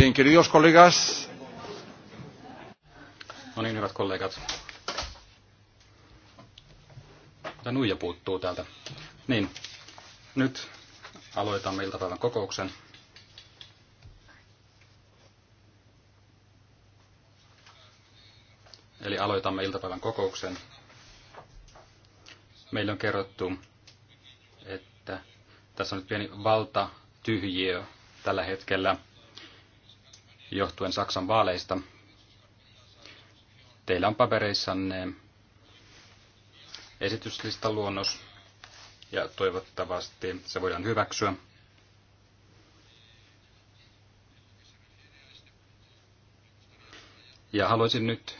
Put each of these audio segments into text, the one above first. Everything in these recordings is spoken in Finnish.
Bien, queridos no niin, hyvät kollegat. Tämä nuija puuttuu täältä. Niin, nyt aloitamme iltapäivän kokouksen. Eli aloitamme iltapäivän kokouksen. Meillä on kerrottu, että tässä on nyt pieni valta tyhjiö tällä hetkellä – johtuen Saksan vaaleista. Teillä on papereissanne esityslistan luonnos ja toivottavasti se voidaan hyväksyä. Ja haluaisin nyt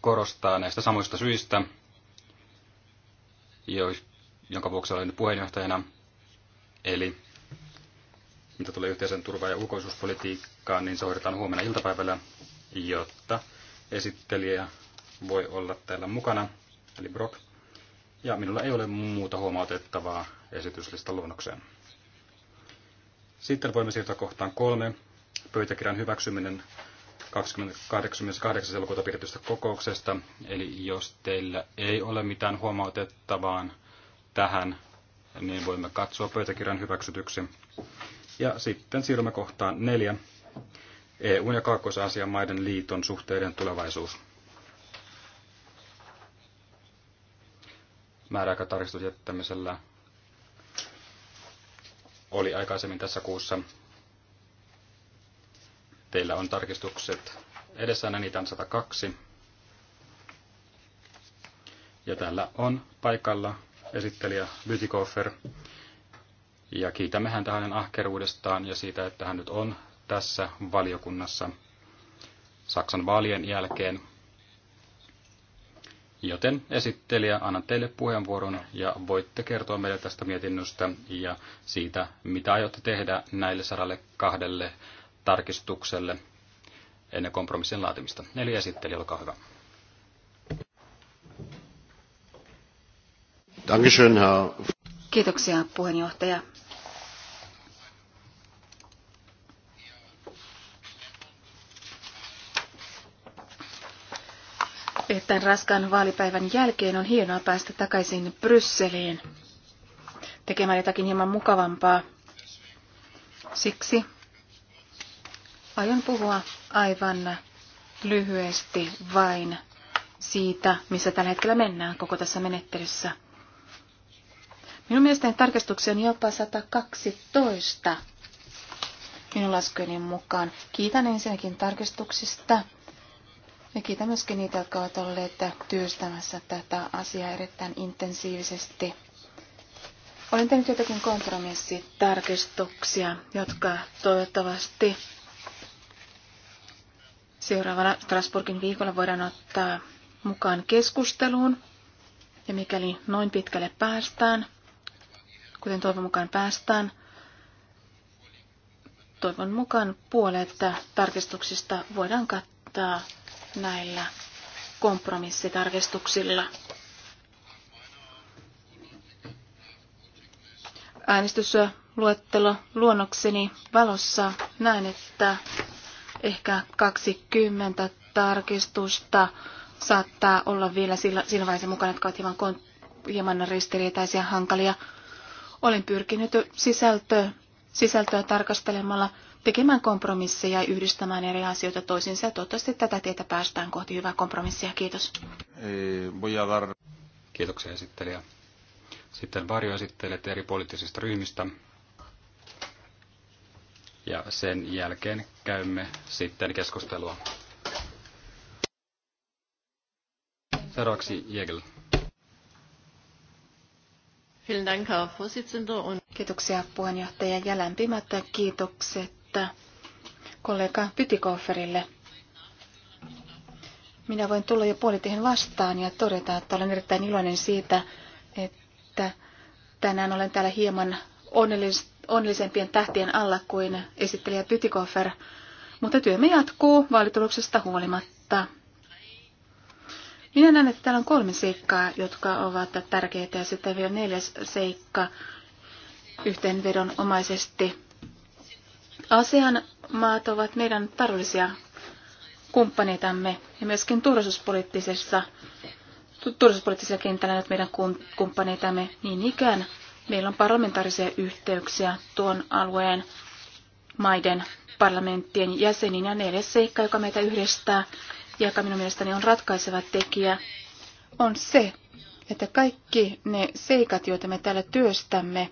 korostaa näistä samoista syistä, jonka vuoksi olen puheenjohtajana, eli mitä tulee yhteisen turva- ja ulkoisuuspolitiikkaan, niin se hoidetaan huomenna iltapäivällä, jotta esittelijä voi olla täällä mukana, eli Brock. Ja minulla ei ole muuta huomautettavaa esityslistan luonnokseen. Sitten voimme siirtyä kohtaan kolme. Pöytäkirjan hyväksyminen 28. elokuuta pidetystä kokouksesta. Eli jos teillä ei ole mitään huomautettavaa tähän, niin voimme katsoa pöytäkirjan hyväksytyksi. Ja sitten siirrymme kohtaan neljä. EUn ja Kaakkois-Aasian maiden liiton suhteiden tulevaisuus. Määräaikatarkistus jättämisellä oli aikaisemmin tässä kuussa. Teillä on tarkistukset edessä niitä on 102. Ja täällä on paikalla esittelijä Lytikoffer. Ja kiitämme häntä hänen ahkeruudestaan ja siitä, että hän nyt on tässä valiokunnassa Saksan vaalien jälkeen. Joten esittelijä, annan teille puheenvuoron ja voitte kertoa meille tästä mietinnöstä ja siitä, mitä aiotte tehdä näille saralle kahdelle tarkistukselle ennen kompromissin laatimista. Eli esittelijä, olkaa hyvä. Dankeschön, Herr Kiitoksia puheenjohtaja. Tämän raskaan vaalipäivän jälkeen on hienoa päästä takaisin Brysseliin tekemään jotakin hieman mukavampaa. Siksi aion puhua aivan lyhyesti vain siitä, missä tällä hetkellä mennään koko tässä menettelyssä. Minun mielestäni tarkastuksia on jopa 112 minun laskujeni mukaan. Kiitän ensinnäkin tarkistuksista ja kiitän myöskin niitä, jotka ovat olleet työstämässä tätä asiaa erittäin intensiivisesti. Olen tehnyt jotakin kompromissitarkistuksia, jotka toivottavasti seuraavana Strasburgin viikolla voidaan ottaa mukaan keskusteluun. Ja mikäli noin pitkälle päästään, kuten toivon mukaan päästään. Toivon mukaan puolet tarkistuksista voidaan kattaa näillä kompromissitarkistuksilla. Äänestysluettelo luonnokseni valossa näen, että ehkä 20 tarkistusta saattaa olla vielä siinä vaiheessa mukana, jotka ovat hieman, hieman ristiriitaisia, hankalia olen pyrkinyt sisältöä, sisältöä tarkastelemalla tekemään kompromisseja ja yhdistämään eri asioita toisiinsa. Toivottavasti tätä tietä päästään kohti hyvää kompromissia. Kiitos. Eh, Kiitoksia esittelijä. Sitten varjoesittelijät eri poliittisista ryhmistä. Ja sen jälkeen käymme sitten keskustelua. Seuraavaksi Jägel. Kiitoksia puheenjohtaja ja lämpimät kiitokset kollega Pytikofferille. Minä voin tulla jo puolitiehen vastaan ja todeta, että olen erittäin iloinen siitä, että tänään olen täällä hieman onnellis- onnellisempien tähtien alla kuin esittelijä Pytikoffer, mutta työmme jatkuu vaalituloksesta huolimatta. Minä näen, että täällä on kolme seikkaa, jotka ovat tärkeitä, ja sitten vielä neljäs seikka yhteenvedonomaisesti. Asean maat ovat meidän tarvallisia kumppaneitamme, ja myöskin turvallisuuspoliittisessa, turvallisuuspoliittisella kentällä nyt meidän kumppaneitamme niin ikään. Meillä on parlamentaarisia yhteyksiä tuon alueen maiden parlamenttien jäseniin ja neljäs seikka, joka meitä yhdistää, joka minun mielestäni on ratkaiseva tekijä, on se, että kaikki ne seikat, joita me täällä työstämme,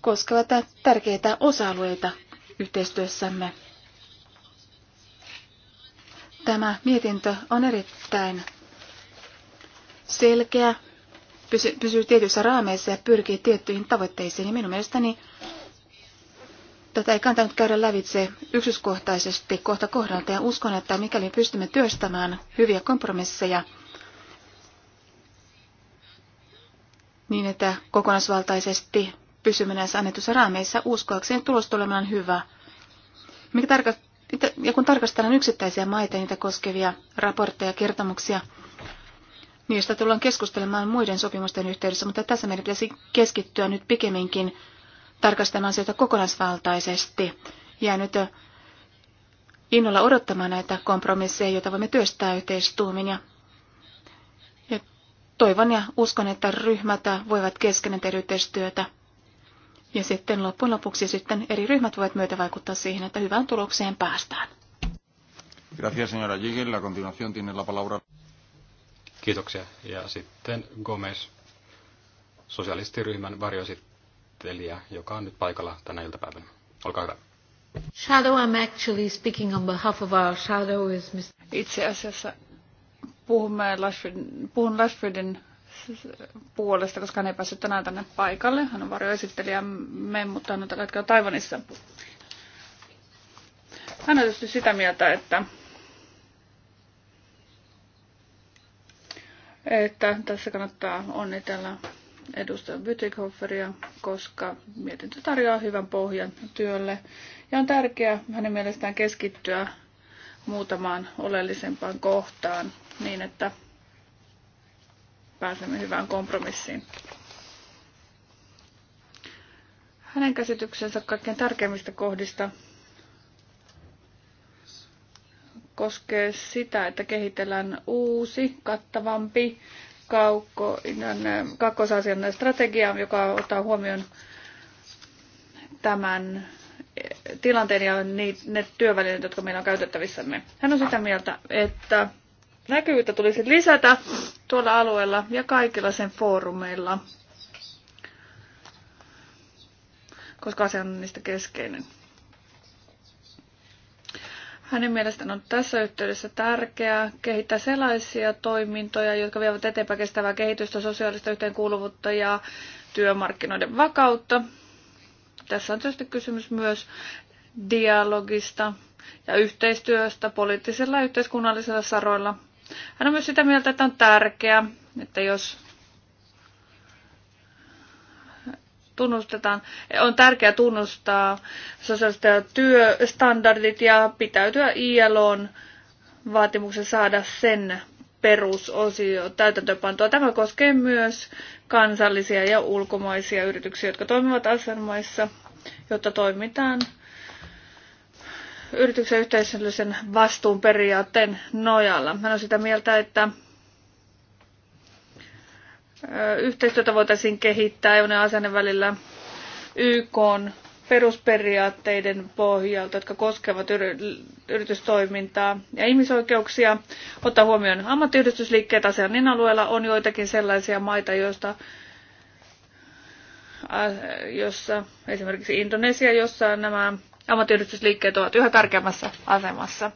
koskevat tärkeitä osa-alueita yhteistyössämme. Tämä mietintö on erittäin selkeä, pysyy tietyissä raameissa ja pyrkii tiettyihin tavoitteisiin. Ja minun mielestäni Tätä ei kantanut käydä lävitse yksityiskohtaisesti kohta kohdalta ja uskon, että mikäli pystymme työstämään hyviä kompromisseja niin, että kokonaisvaltaisesti pysymme näissä annetuissa raameissa uskoakseen tulos tulemaan hyvä. Mikä tarka- ja kun tarkastellaan yksittäisiä maita niitä koskevia raportteja ja kertomuksia, niistä tullaan keskustelemaan muiden sopimusten yhteydessä, mutta tässä meidän pitäisi keskittyä nyt pikemminkin tarkastamaan asioita kokonaisvaltaisesti. Ja nyt innolla odottamaan näitä kompromisseja, joita voimme työstää yhteistuumin. Ja, ja toivon ja uskon, että ryhmät voivat keskenään tehdä yhteistyötä. Ja sitten loppujen lopuksi sitten eri ryhmät voivat myötä vaikuttaa siihen, että hyvään tulokseen päästään. Gracias, señora Jigel. La continuación tiene la palabra. Kiitoksia. Ja sitten Gomez, sosialistiryhmän varjoisit esittelijä, joka on nyt paikalla tänä iltapäivänä. Olkaa hyvä. Shadow, I'm actually speaking on behalf of our shadow is Mr. Itse asiassa puhumme Lashford, puhun Lashfordin puolesta, koska hän ei päässyt tänään tänne paikalle. Hän on varjoesittelijämme, mutta hän on tällä hetkellä Taivanissa. Hän on tietysti sitä mieltä, että, että tässä kannattaa onnitella edustaja Bütikhofferia, koska mietintö tarjoaa hyvän pohjan työlle ja on tärkeää hänen mielestään keskittyä muutamaan oleellisempaan kohtaan niin, että pääsemme hyvään kompromissiin. Hänen käsityksensä kaikkein tärkeimmistä kohdista koskee sitä, että kehitellään uusi, kattavampi kakkosasian strategia, joka ottaa huomioon tämän tilanteen ja ne työvälineet, jotka meillä on käytettävissämme. Hän on sitä mieltä, että näkyvyyttä tulisi lisätä tuolla alueella ja kaikilla sen foorumeilla, koska asia on niistä keskeinen. Hänen mielestään on tässä yhteydessä tärkeää kehittää sellaisia toimintoja, jotka vievät eteenpäin kestävää kehitystä, sosiaalista yhteenkuuluvuutta ja työmarkkinoiden vakautta. Tässä on tietysti kysymys myös dialogista ja yhteistyöstä poliittisilla ja yhteiskunnallisilla saroilla. Hän on myös sitä mieltä, että on tärkeää, että jos tunnustetaan, on tärkeää tunnustaa sosiaaliset ja työstandardit ja pitäytyä ILOn vaatimuksen saada sen perusosio täytäntöpantoa. Tämä koskee myös kansallisia ja ulkomaisia yrityksiä, jotka toimivat asianmaissa, jotta toimitaan yrityksen yhteisöllisen vastuun periaatteen nojalla. Mä olen sitä mieltä, että yhteistyötä voitaisiin kehittää EU- ja välillä YK perusperiaatteiden pohjalta, jotka koskevat yritystoimintaa ja ihmisoikeuksia. Ottaa huomioon ammattiyhdistysliikkeet asianin alueella on joitakin sellaisia maita, joista jossa esimerkiksi Indonesia, jossa nämä ammattiyhdistysliikkeet ovat yhä tärkeämmässä asemassa.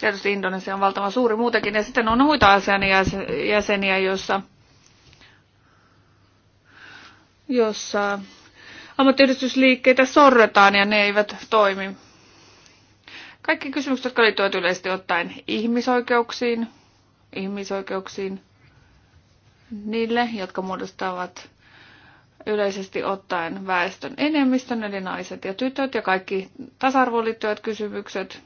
Tietysti Indonesia on valtavan suuri muutenkin. Ja sitten on muita asian jäseniä, joissa, jossa ammattiyhdistysliikkeitä sorretaan ja ne eivät toimi. Kaikki kysymykset, jotka liittyvät yleisesti ottaen ihmisoikeuksiin, ihmisoikeuksiin niille, jotka muodostavat yleisesti ottaen väestön enemmistön, eli naiset ja tytöt ja kaikki tasa-arvoon liittyvät kysymykset,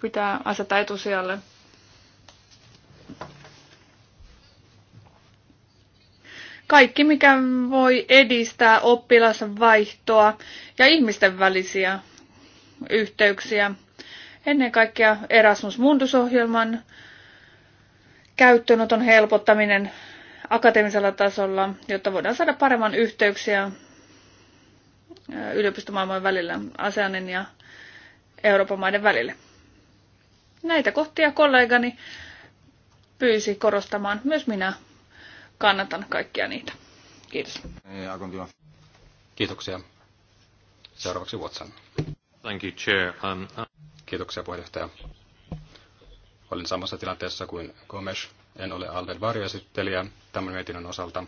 pitää asettaa etusijalle. Kaikki, mikä voi edistää oppilasvaihtoa ja ihmisten välisiä yhteyksiä. Ennen kaikkea Erasmus Mundus-ohjelman käyttöönoton helpottaminen akateemisella tasolla, jotta voidaan saada paremman yhteyksiä yliopistomaailman välillä, ASEANin ja Euroopan maiden välille. Näitä kohtia kollegani pyysi korostamaan. Myös minä kannatan kaikkia niitä. Kiitos. Kiitoksia. Seuraavaksi Watson. Thank you, Chair. Um, uh, Kiitoksia puheenjohtaja. Olin samassa tilanteessa kuin Gomes. En ole Alden varjoesittelijä tämän mietinnön osalta,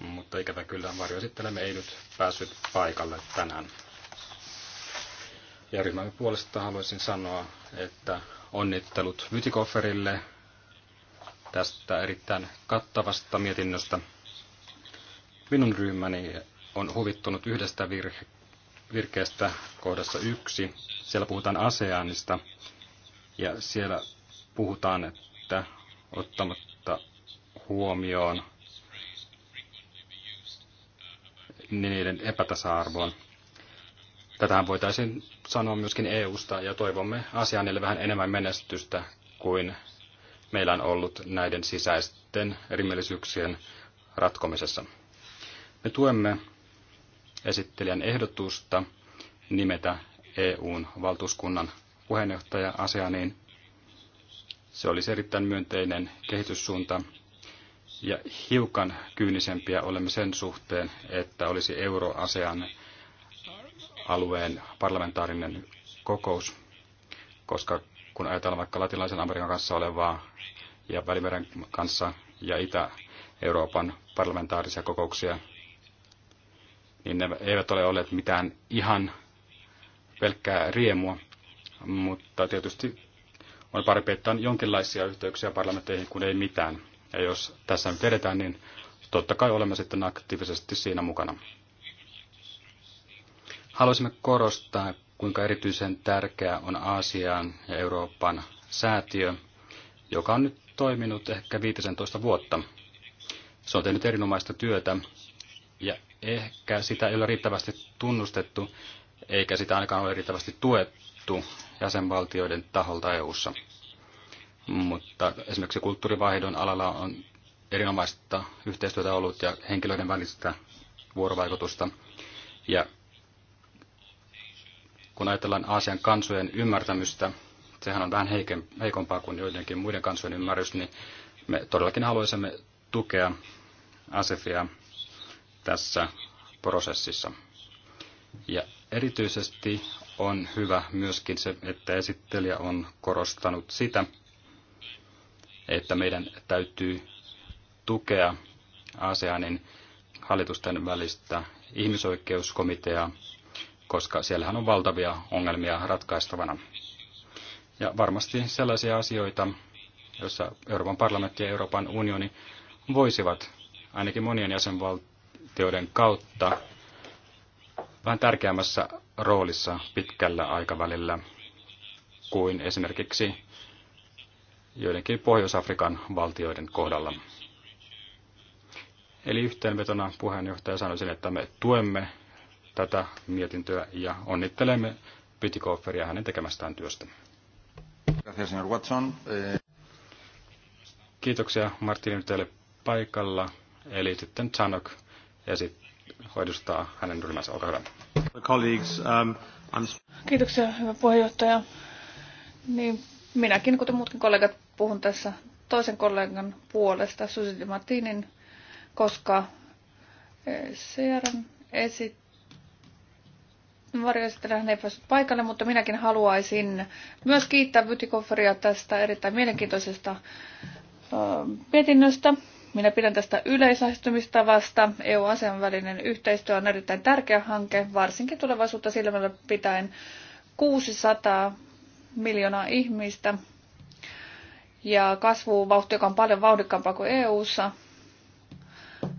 mutta ikävä kyllä varjoesittelemme ei nyt päässyt paikalle tänään. Ja ryhmämme puolesta haluaisin sanoa, että onnittelut Vytikofferille tästä erittäin kattavasta mietinnöstä. Minun ryhmäni on huvittunut yhdestä virhe, virkeestä kohdassa yksi. Siellä puhutaan ASEANista ja siellä puhutaan, että ottamatta huomioon niiden epätasa-arvoon. Tätähän voitaisiin sanoa myöskin EUsta ja toivomme asianille vähän enemmän menestystä kuin meillä on ollut näiden sisäisten erimielisyyksien ratkomisessa. Me tuemme esittelijän ehdotusta nimetä EUn valtuuskunnan puheenjohtaja asianiin. Se olisi erittäin myönteinen kehityssuunta ja hiukan kyynisempiä olemme sen suhteen, että olisi euroasean alueen parlamentaarinen kokous, koska kun ajatellaan vaikka latinalaisen Amerikan kanssa olevaa ja Välimeren kanssa ja Itä-Euroopan parlamentaarisia kokouksia, niin ne eivät ole olleet mitään ihan pelkkää riemua, mutta tietysti on parempi, että on jonkinlaisia yhteyksiä parlamentteihin kuin ei mitään. Ja jos tässä nyt edetään, niin totta kai olemme sitten aktiivisesti siinä mukana. Haluaisimme korostaa, kuinka erityisen tärkeää on Aasiaan ja Euroopan säätiö, joka on nyt toiminut ehkä 15 vuotta. Se on tehnyt erinomaista työtä ja ehkä sitä ei ole riittävästi tunnustettu, eikä sitä ainakaan ole riittävästi tuettu jäsenvaltioiden taholta EU-ssa. Mutta esimerkiksi kulttuurivaihdon alalla on erinomaista yhteistyötä ollut ja henkilöiden välistä vuorovaikutusta. Ja kun ajatellaan Aasian kansojen ymmärtämystä, sehän on vähän heikompaa kuin joidenkin muiden kansojen ymmärrys, niin me todellakin haluaisimme tukea ASEFia tässä prosessissa. Ja erityisesti on hyvä myöskin se, että esittelijä on korostanut sitä, että meidän täytyy tukea ASEANin hallitusten välistä ihmisoikeuskomiteaa, koska siellähän on valtavia ongelmia ratkaistavana. Ja varmasti sellaisia asioita, joissa Euroopan parlamentti ja Euroopan unioni voisivat ainakin monien jäsenvaltioiden kautta vähän tärkeämmässä roolissa pitkällä aikavälillä kuin esimerkiksi joidenkin Pohjois-Afrikan valtioiden kohdalla. Eli yhteenvetona puheenjohtaja sanoisin, että me tuemme tätä mietintöä ja onnittelemme Pytikofferia hänen tekemästään työstä. Eh, Kiitoksia Martin teille paikalla. Eli sitten Chanok esit hoidustaa hänen ryhmänsä. Olkaa hyvä. Um, Kiitoksia, hyvä puheenjohtaja. Niin, minäkin, kuten muutkin kollegat, puhun tässä toisen kollegan puolesta, Susi Martinin, koska eh, CRN esit varjoesittelijä ei päässyt paikalle, mutta minäkin haluaisin myös kiittää Bytikofferia tästä erittäin mielenkiintoisesta mietinnöstä. Minä pidän tästä yleislähestymistavasta. EU-asian e välinen yhteistyö on erittäin tärkeä hanke, varsinkin tulevaisuutta silmällä pitäen 600 miljoonaa ihmistä ja kasvuvauhti, joka on paljon vauhdikkaampaa kuin EU:ssa,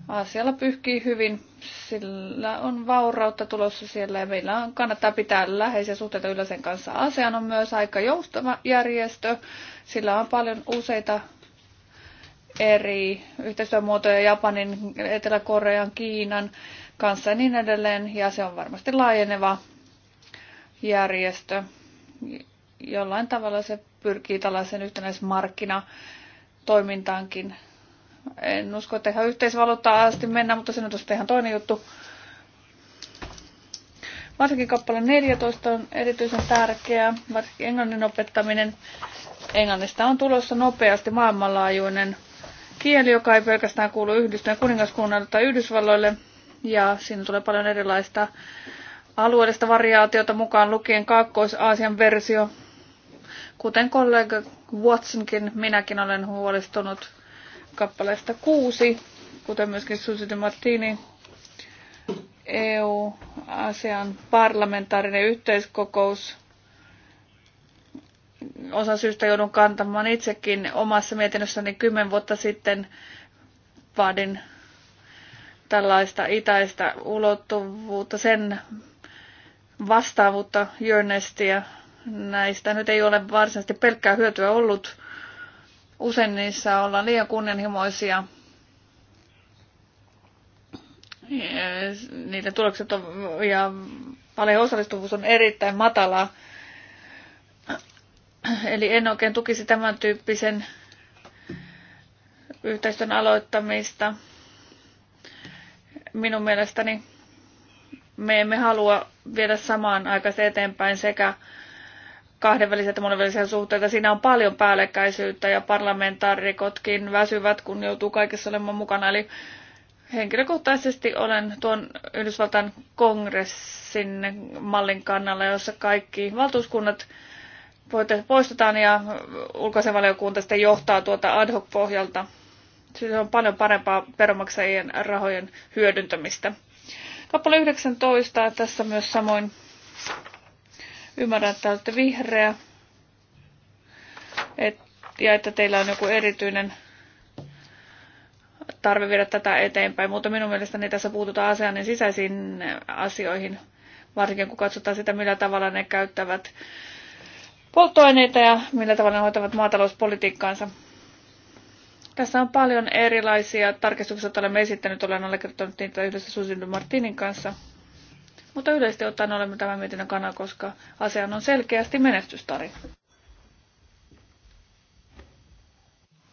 Asialla pyyhkii hyvin, sillä on vaurautta tulossa siellä ja meillä on, kannattaa pitää läheisiä suhteita yllä sen kanssa. ASEAN on myös aika joustava järjestö, sillä on paljon useita eri yhteistyömuotoja Japanin, Etelä-Korean, Kiinan kanssa ja niin edelleen. Ja se on varmasti laajeneva järjestö. Jollain tavalla se pyrkii tällaisen yhtenäismarkkinatoimintaankin en usko, että ihan yhteisvaluuttaa asti mennä, mutta se nyt on sitten ihan toinen juttu. Varsinkin kappale 14 on erityisen tärkeää, varsinkin englannin opettaminen. Englannista on tulossa nopeasti maailmanlaajuinen kieli, joka ei pelkästään kuulu Yhdistyneen kuningaskunnalle tai Yhdysvalloille. Ja siinä tulee paljon erilaista alueellista variaatiota mukaan lukien Kaakkois-Aasian versio. Kuten kollega Watsonkin, minäkin olen huolestunut kappaleesta kuusi, kuten myöskin Susi de Martini, eu asean parlamentaarinen yhteiskokous. Osa syystä joudun kantamaan itsekin omassa mietinnössäni kymmen vuotta sitten vaadin tällaista itäistä ulottuvuutta, sen vastaavuutta Jörnestiä. Näistä nyt ei ole varsinaisesti pelkkää hyötyä ollut, Usein niissä ollaan liian kunnianhimoisia. Niiden tulokset on, ja paljon osallistuvuus on erittäin matalaa. Eli en oikein tukisi tämän tyyppisen yhteistyön aloittamista. Minun mielestäni me emme halua viedä samaan aikaan eteenpäin sekä kahdenvälisiä ja monenvälisiä suhteita. Siinä on paljon päällekkäisyyttä ja parlamentaarikotkin väsyvät, kun joutuu kaikessa olemaan mukana. Eli henkilökohtaisesti olen tuon Yhdysvaltain kongressin mallin kannalla, jossa kaikki valtuuskunnat poistetaan ja ulkoasevaliokunta sitten johtaa tuota ad hoc pohjalta. Se siis on paljon parempaa veronmaksajien rahojen hyödyntämistä. Kappale 19 tässä myös samoin Ymmärrän, että olette vihreä et, ja että teillä on joku erityinen tarve viedä tätä eteenpäin, mutta minun mielestäni tässä puututaan asian niin sisäisiin asioihin, varsinkin kun katsotaan sitä, millä tavalla ne käyttävät polttoaineita ja millä tavalla ne hoitavat maatalouspolitiikkaansa. Tässä on paljon erilaisia tarkistuksia, joita olemme esittäneet. Olen allekirjoittanut niitä yhdessä Susin Martinin kanssa. Mutta yleisesti ottaen olemme tämän mietinnön kannan, koska asia on selkeästi menestystarina.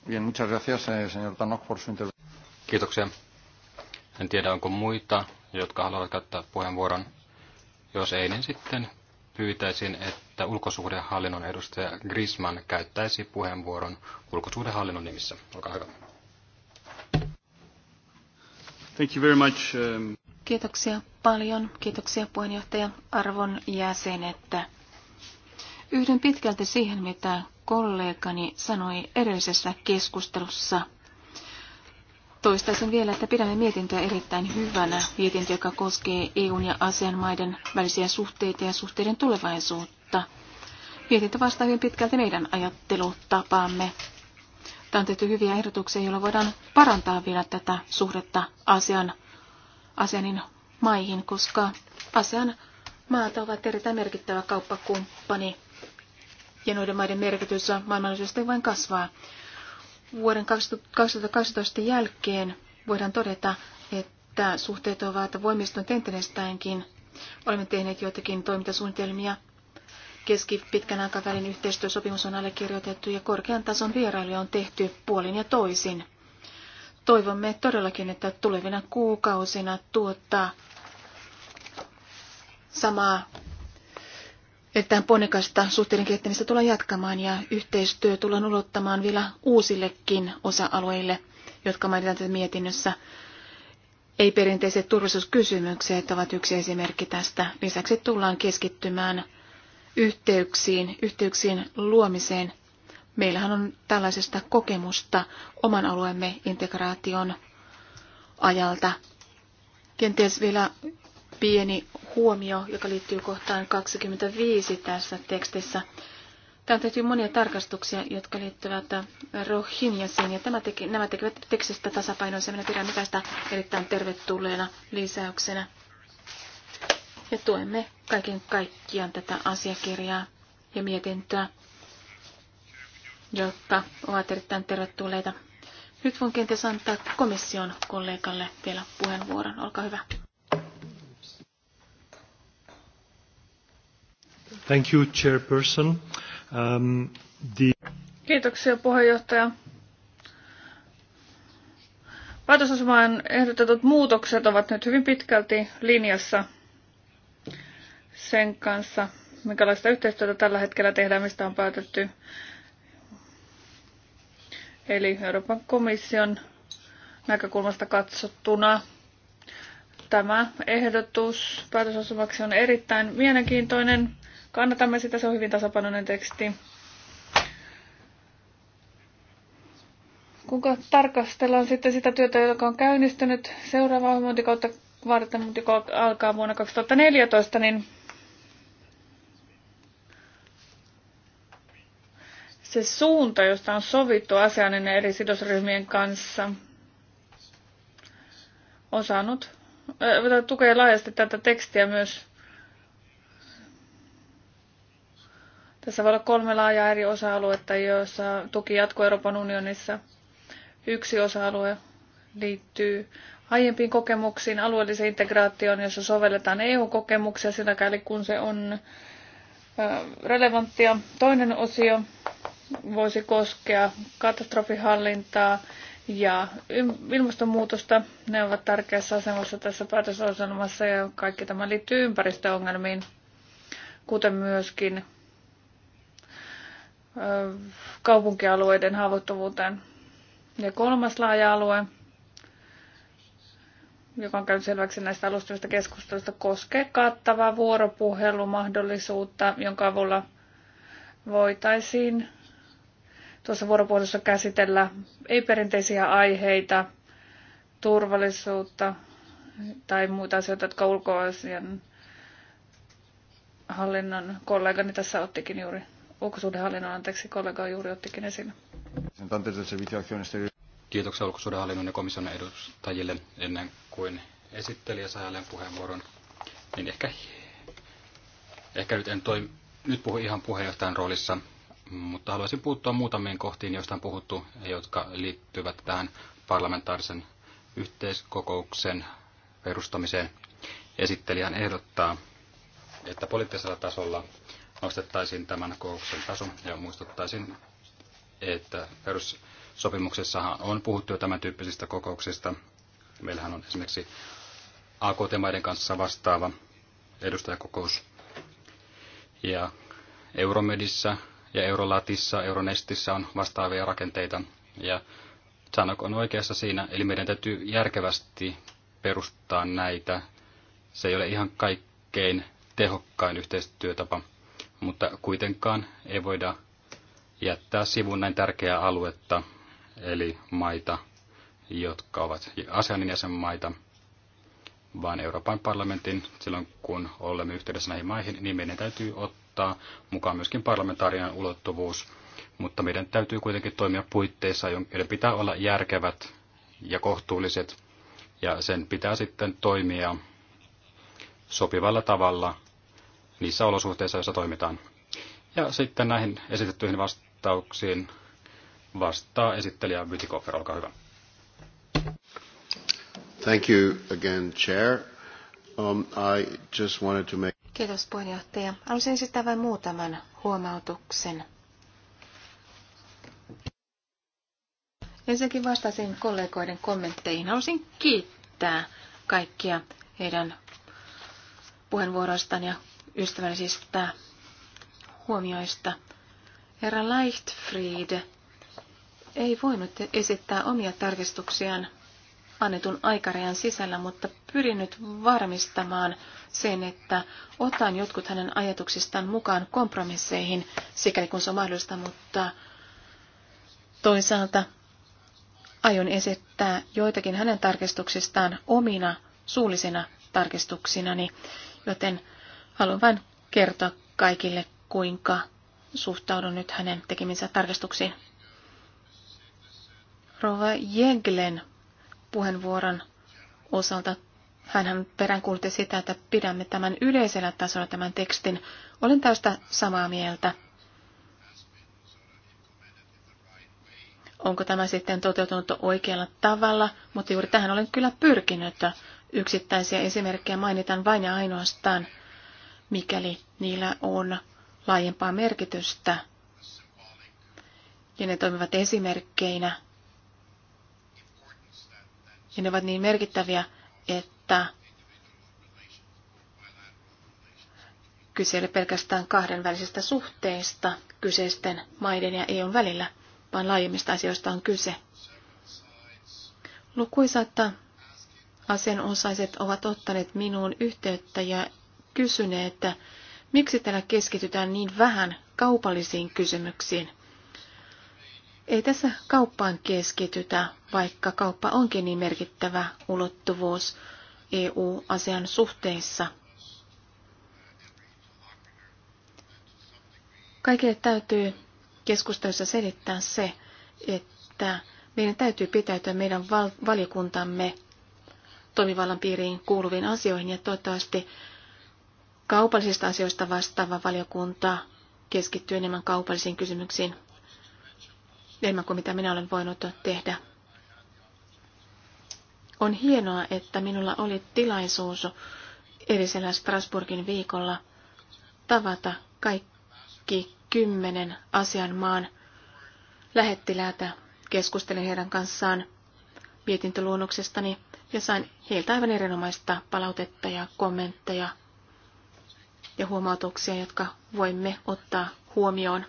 Bien, muchas gracias, eh, señor Tanok, por su inter... Kiitoksia. En tiedä, onko muita, jotka haluavat käyttää puheenvuoron. Jos ei, niin sitten pyytäisin, että ulkosuhdehallinnon edustaja Grisman käyttäisi puheenvuoron ulkosuhdehallinnon nimissä. Olkaa hyvä. Thank you very much. Um... Kiitoksia paljon. Kiitoksia puheenjohtaja arvon jäsenettä. Yhdyn pitkälti siihen, mitä kollegani sanoi edellisessä keskustelussa. Toistaisin vielä, että pidämme mietintöä erittäin hyvänä. Mietintö, joka koskee EUn ja ASEAN maiden välisiä suhteita ja suhteiden tulevaisuutta. Mietintö vastaa hyvin pitkälti meidän ajattelutapaamme. Tämä on tehty hyviä ehdotuksia, joilla voidaan parantaa vielä tätä suhdetta ASEAN ASEANin maihin, koska ASEAN maat ovat erittäin merkittävä kauppakumppani ja noiden maiden merkitys maailmanlaajuisesti vain kasvaa. Vuoden 2012 jälkeen voidaan todeta, että suhteet ovat voimistuneet entenestäänkin. Olemme tehneet joitakin toimintasuunnitelmia. Keski-pitkän aikavälin yhteistyösopimus on allekirjoitettu ja korkean tason vierailuja on tehty puolin ja toisin. Toivomme todellakin, että tulevina kuukausina tuottaa samaa että ponekasta suhteiden kehittämistä tullaan jatkamaan ja yhteistyö tullaan ulottamaan vielä uusillekin osa-alueille, jotka mainitaan tässä mietinnössä. Ei perinteiset turvallisuuskysymykset ovat yksi esimerkki tästä. Lisäksi tullaan keskittymään yhteyksiin, yhteyksiin luomiseen – Meillähän on tällaisesta kokemusta oman alueemme integraation ajalta. Kenties vielä pieni huomio, joka liittyy kohtaan 25 tässä tekstissä. Tämä on tehty monia tarkastuksia, jotka liittyvät Rohingyasiin, ja tämä teki, nämä tekevät tekstistä tasapainoisia. Minä pidän tästä erittäin tervetulleena lisäyksenä. Ja tuemme kaiken kaikkiaan tätä asiakirjaa ja mietintöä jotka ovat erittäin tervetulleita. Nyt voin kenties antaa komission kollegalle vielä puheenvuoron. Olkaa hyvä. Thank you, chairperson. Um, the... Kiitoksia puheenjohtaja. Päätösasemaan ehdotetut muutokset ovat nyt hyvin pitkälti linjassa sen kanssa, minkälaista yhteistyötä tällä hetkellä tehdään, mistä on päätetty Eli Euroopan komission näkökulmasta katsottuna tämä ehdotus päätösasumaksi on erittäin mielenkiintoinen. Kannatamme sitä, se on hyvin tasapainoinen teksti. Kuinka tarkastellaan sitten sitä työtä, joka on käynnistynyt seuraava ohjelmointikautta varten, mutta joka alkaa vuonna 2014, niin se suunta, josta on sovittu asianen eri sidosryhmien kanssa, on saanut äh, tukee laajasti tätä tekstiä myös. Tässä voi olla kolme laajaa eri osa-aluetta, joissa tuki jatkuu Euroopan unionissa. Yksi osa-alue liittyy aiempiin kokemuksiin, alueelliseen integraatioon, jossa sovelletaan EU-kokemuksia, sitäkäli kun se on äh, relevanttia. Toinen osio voisi koskea katastrofihallintaa ja ilmastonmuutosta. Ne ovat tärkeässä asemassa tässä päätösohjelmassa ja kaikki tämä liittyy ympäristöongelmiin, kuten myöskin kaupunkialueiden haavoittuvuuteen. Ja kolmas laaja-alue, joka on käynyt selväksi näistä alustavista keskusteluista, koskee kattavaa vuoropuhelumahdollisuutta, jonka avulla voitaisiin tuossa vuoropuhelussa käsitellä ei-perinteisiä aiheita, turvallisuutta tai muita asioita, jotka ulkoasian hallinnon kollegani tässä ottikin juuri, ulkosuhdehallinnon anteeksi, kollega juuri ottikin esille. Kiitoksia ulkosuhdehallinnon ja komission edustajille ennen kuin esittelijä saa jälleen puheenvuoron. Niin ehkä, ehkä nyt en toi, nyt puhu ihan puheenjohtajan roolissa, mutta haluaisin puuttua muutamiin kohtiin, joista on puhuttu, jotka liittyvät tähän parlamentaarisen yhteiskokouksen perustamiseen. Esittelijän ehdottaa, että poliittisella tasolla nostettaisiin tämän kokouksen taso ja muistuttaisin, että perussopimuksessahan on puhuttu jo tämän tyyppisistä kokouksista. Meillähän on esimerkiksi AKT-maiden kanssa vastaava edustajakokous ja Euromedissä ja Eurolatissa, Euronestissä on vastaavia rakenteita. Ja Chanok on oikeassa siinä, eli meidän täytyy järkevästi perustaa näitä. Se ei ole ihan kaikkein tehokkain yhteistyötapa, mutta kuitenkaan ei voida jättää sivuun näin tärkeää aluetta, eli maita, jotka ovat ASEANin jäsenmaita, vaan Euroopan parlamentin silloin, kun olemme yhteydessä näihin maihin, niin meidän täytyy ottaa ottaa mukaan myöskin parlamentaarinen ulottuvuus, mutta meidän täytyy kuitenkin toimia puitteissa, joiden pitää olla järkevät ja kohtuulliset, ja sen pitää sitten toimia sopivalla tavalla niissä olosuhteissa, joissa toimitaan. Ja sitten näihin esitettyihin vastauksiin vastaa esittelijä Vytikoffer olkaa hyvä. Thank you again, Chair. Um, I just wanted to make... Kiitos puheenjohtaja. Haluaisin esittää vain muutaman huomautuksen. Ensinnäkin vastasin kollegoiden kommentteihin. Haluaisin kiittää kaikkia heidän puheenvuoroistaan ja ystävällisistä huomioista. Herra Leichtfried ei voinut esittää omia tarkistuksiaan annetun aikarajan sisällä, mutta pyrin nyt varmistamaan sen, että otan jotkut hänen ajatuksistaan mukaan kompromisseihin, sikäli kun se on mahdollista, mutta toisaalta aion esittää joitakin hänen tarkistuksistaan omina suullisina tarkistuksinani, joten haluan vain kertoa kaikille, kuinka suhtaudun nyt hänen tekeminsä tarkistuksiin. Rova Jeglen puheenvuoron osalta. hän peräänkuulutti sitä, että pidämme tämän yleisellä tasolla tämän tekstin. Olen tästä samaa mieltä. Onko tämä sitten toteutunut oikealla tavalla, mutta juuri tähän olen kyllä pyrkinyt. Yksittäisiä esimerkkejä mainitaan vain ja ainoastaan, mikäli niillä on laajempaa merkitystä. Ja ne toimivat esimerkkeinä ja ne ovat niin merkittäviä, että kyse ei ole pelkästään kahdenvälisistä suhteista kyseisten maiden ja EUn välillä, vaan laajemmista asioista on kyse. Lukuisat asianosaiset ovat ottaneet minuun yhteyttä ja kysyneet, että miksi täällä keskitytään niin vähän kaupallisiin kysymyksiin – ei tässä kauppaan keskitytä, vaikka kauppa onkin niin merkittävä ulottuvuus EU-asian suhteissa. Kaikille täytyy keskustelussa selittää se, että meidän täytyy pitäytyä meidän val- valiokuntamme toimivallan piiriin kuuluviin asioihin ja toivottavasti kaupallisista asioista vastaava valiokunta keskittyy enemmän kaupallisiin kysymyksiin enemmän kuin mitä minä olen voinut tehdä. On hienoa, että minulla oli tilaisuus erisellä Strasburgin viikolla tavata kaikki kymmenen asianmaan lähettiläätä. Keskustelin heidän kanssaan mietintöluonnoksestani ja sain heiltä aivan erinomaista palautetta ja kommentteja ja huomautuksia, jotka voimme ottaa huomioon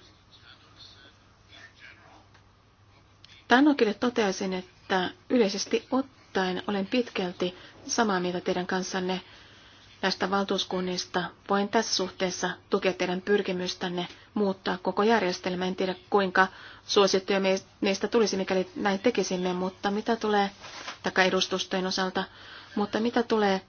Tanokille toteaisin, että yleisesti ottaen olen pitkälti samaa mieltä teidän kanssanne näistä valtuuskunnista. Voin tässä suhteessa tukea teidän pyrkimystänne muuttaa koko järjestelmä. En tiedä kuinka suosittuja meistä tulisi, mikäli näin tekisimme, mutta mitä tulee, taka edustustojen osalta, mutta mitä tulee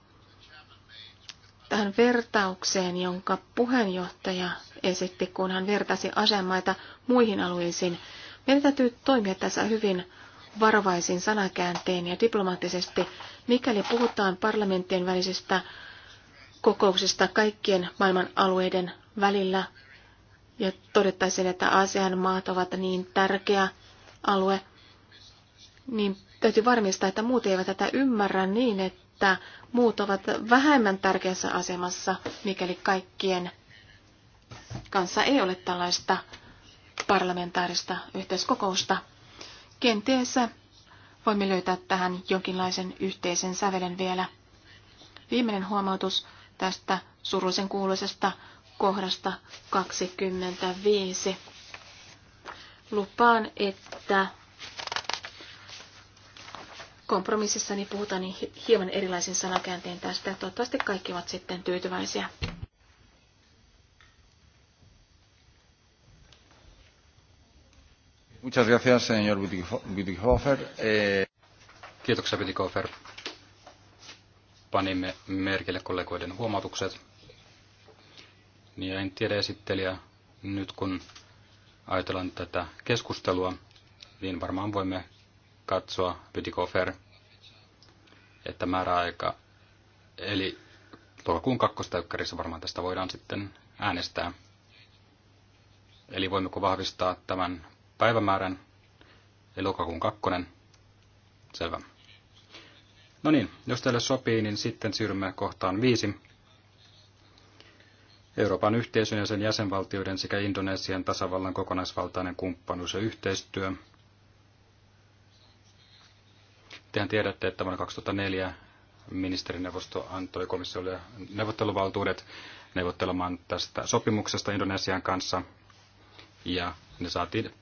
tähän vertaukseen, jonka puheenjohtaja esitti, kun hän vertasi asemaita muihin alueisiin, meidän täytyy toimia tässä hyvin varovaisin sanakääntein ja diplomaattisesti, mikäli puhutaan parlamenttien välisistä kokouksista kaikkien maailman alueiden välillä ja todettaisiin, että ASEAN maat ovat niin tärkeä alue, niin täytyy varmistaa, että muut eivät tätä ymmärrä niin, että muut ovat vähemmän tärkeässä asemassa, mikäli kaikkien kanssa ei ole tällaista parlamentaarista yhteiskokousta. Kenties voimme löytää tähän jonkinlaisen yhteisen sävelen vielä. Viimeinen huomautus tästä surullisen kuuluisesta kohdasta 25. Lupaan, että kompromississani puhutaan hieman erilaisin sanakääntein tästä. Toivottavasti kaikki ovat sitten tyytyväisiä. Muchas gracias, señor Bütikofer. Eh. Kiitoksia, Bütikofer. Panimme merkille kollegoiden huomautukset. Niin en tiedä esittelijä, nyt kun ajatellaan tätä keskustelua, niin varmaan voimme katsoa Bütikofer, että määräaika, eli toukokuun kakkostäykkärissä varmaan tästä voidaan sitten äänestää. Eli voimmeko vahvistaa tämän päivämäärän, elokuun kakkonen. Selvä. No niin, jos teille sopii, niin sitten siirrymme kohtaan viisi. Euroopan yhteisön ja sen jäsenvaltioiden sekä Indonesian tasavallan kokonaisvaltainen kumppanuus ja yhteistyö. Tehän tiedätte, että vuonna 2004 ministerineuvosto antoi komissiolle neuvotteluvaltuudet neuvottelemaan tästä sopimuksesta Indonesian kanssa, ja ne saatiin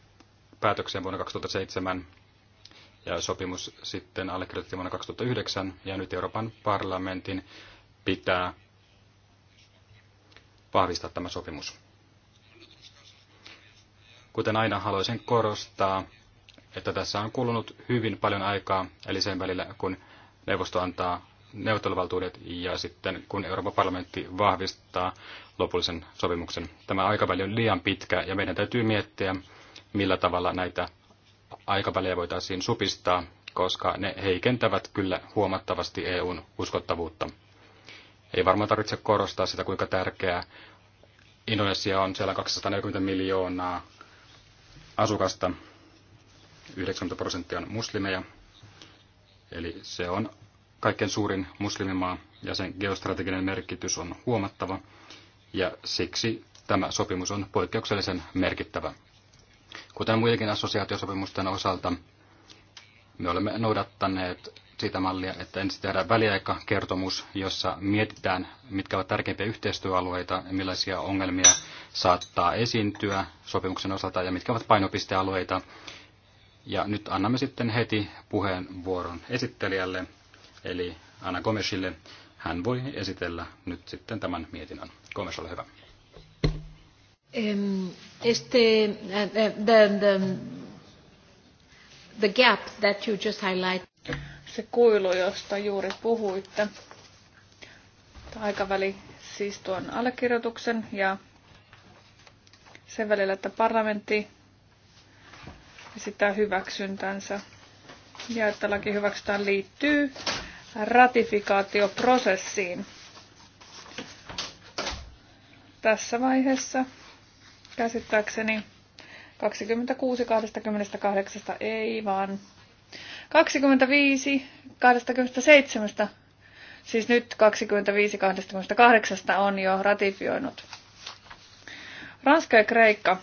päätökseen vuonna 2007 ja sopimus sitten allekirjoitettiin vuonna 2009 ja nyt Euroopan parlamentin pitää vahvistaa tämä sopimus. Kuten aina haluaisin korostaa, että tässä on kulunut hyvin paljon aikaa, eli sen välillä kun neuvosto antaa neuvotteluvaltuudet ja sitten kun Euroopan parlamentti vahvistaa lopullisen sopimuksen. Tämä aikaväli on liian pitkä ja meidän täytyy miettiä, millä tavalla näitä aikavälejä voitaisiin supistaa, koska ne heikentävät kyllä huomattavasti EUn uskottavuutta. Ei varmaan tarvitse korostaa sitä, kuinka tärkeää Indonesia on. Siellä 240 miljoonaa asukasta, 90 prosenttia on muslimeja. Eli se on kaikkein suurin muslimimaa ja sen geostrateginen merkitys on huomattava. Ja siksi tämä sopimus on poikkeuksellisen merkittävä. Kuten muidenkin assosiaatiosopimusten osalta, me olemme noudattaneet sitä mallia, että ensin tehdään väliaikakertomus, jossa mietitään, mitkä ovat tärkeimpiä yhteistyöalueita ja millaisia ongelmia saattaa esiintyä sopimuksen osalta ja mitkä ovat painopistealueita. Ja nyt annamme sitten heti puheenvuoron esittelijälle, eli Anna Gomesille. Hän voi esitellä nyt sitten tämän mietinnön. Gomes, ole hyvä. Este, eh, eh, the, the, the gap that you just highlighted. Se kuilu, josta juuri puhuitte. Aikaväli siis tuon allekirjoituksen ja sen välillä, että parlamentti esittää hyväksyntänsä ja että laki hyväksytään liittyy ratifikaatioprosessiin tässä vaiheessa käsittääkseni 26, 28 ei, vaan 25, 27. Siis nyt 25, 28 on jo ratifioinut. Ranska ja Kreikka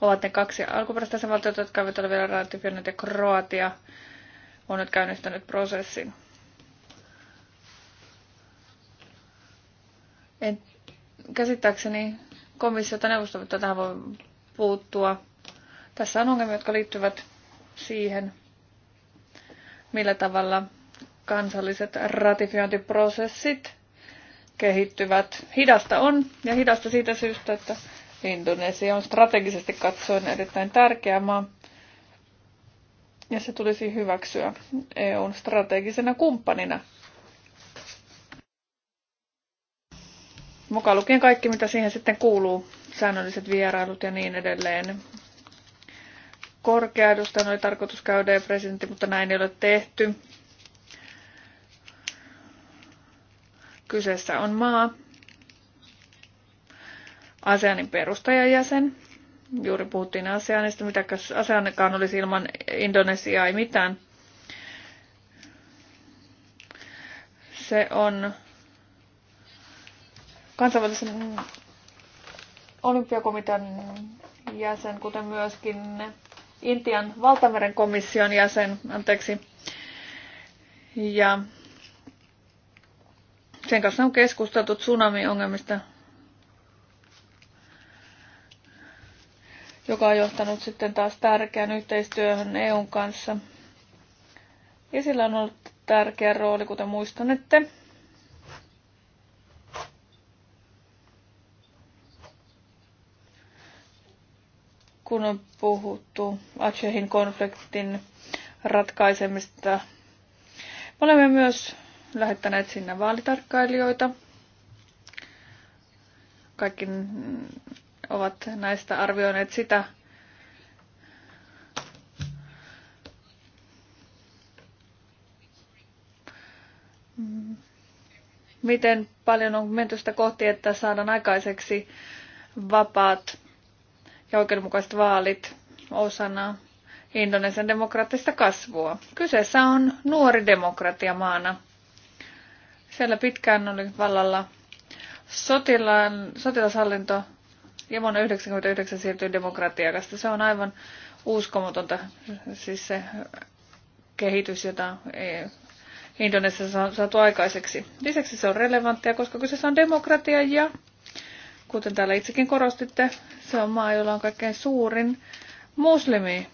ovat ne kaksi alkuperäistä valtiota, jotka eivät ole vielä ratifioineet, ja Kroatia on nyt käynnistänyt prosessin. En, käsittääkseni komissiota neuvostovilta tähän voi puuttua. Tässä on ongelmia, jotka liittyvät siihen, millä tavalla kansalliset ratifiointiprosessit kehittyvät. Hidasta on, ja hidasta siitä syystä, että Indonesia on strategisesti katsoen erittäin tärkeä maa, ja se tulisi hyväksyä EUn strategisena kumppanina – Mukaan lukien kaikki, mitä siihen sitten kuuluu, säännölliset vierailut ja niin edelleen. Korkea edustajana oli tarkoitus käydä presidentti, mutta näin ei ole tehty. Kyseessä on maa, ASEANin perustajajäsen. Juuri puhuttiin ASEANista, mitä Aseanikaan olisi ilman Indonesiaa ei mitään. Se on kansainvälisen olympiakomitean jäsen, kuten myöskin Intian valtameren komission jäsen, anteeksi. Ja sen kanssa on keskusteltu tsunami-ongelmista, joka on johtanut sitten taas tärkeän yhteistyöhön EUn kanssa. Ja sillä on ollut tärkeä rooli, kuten muistanette. kun on puhuttu Acehen konfliktin ratkaisemista. Me olemme myös lähettäneet sinne vaalitarkkailijoita. Kaikki ovat näistä arvioineet sitä, miten paljon on menty sitä kohti, että saadaan aikaiseksi vapaat ja oikeudenmukaiset vaalit osana Indonesian demokraattista kasvua. Kyseessä on nuori demokratia maana. Siellä pitkään oli vallalla sotilaan, sotilashallinto ja vuonna 1999 siirtyi demokratiakasta. Se on aivan uskomatonta, siis se kehitys, jota e, Indonesiassa on saatu aikaiseksi. Lisäksi se on relevanttia, koska kyseessä on demokratia ja Kuten täällä itsekin korostitte, se on maa, jolla on kaikkein suurin muslimi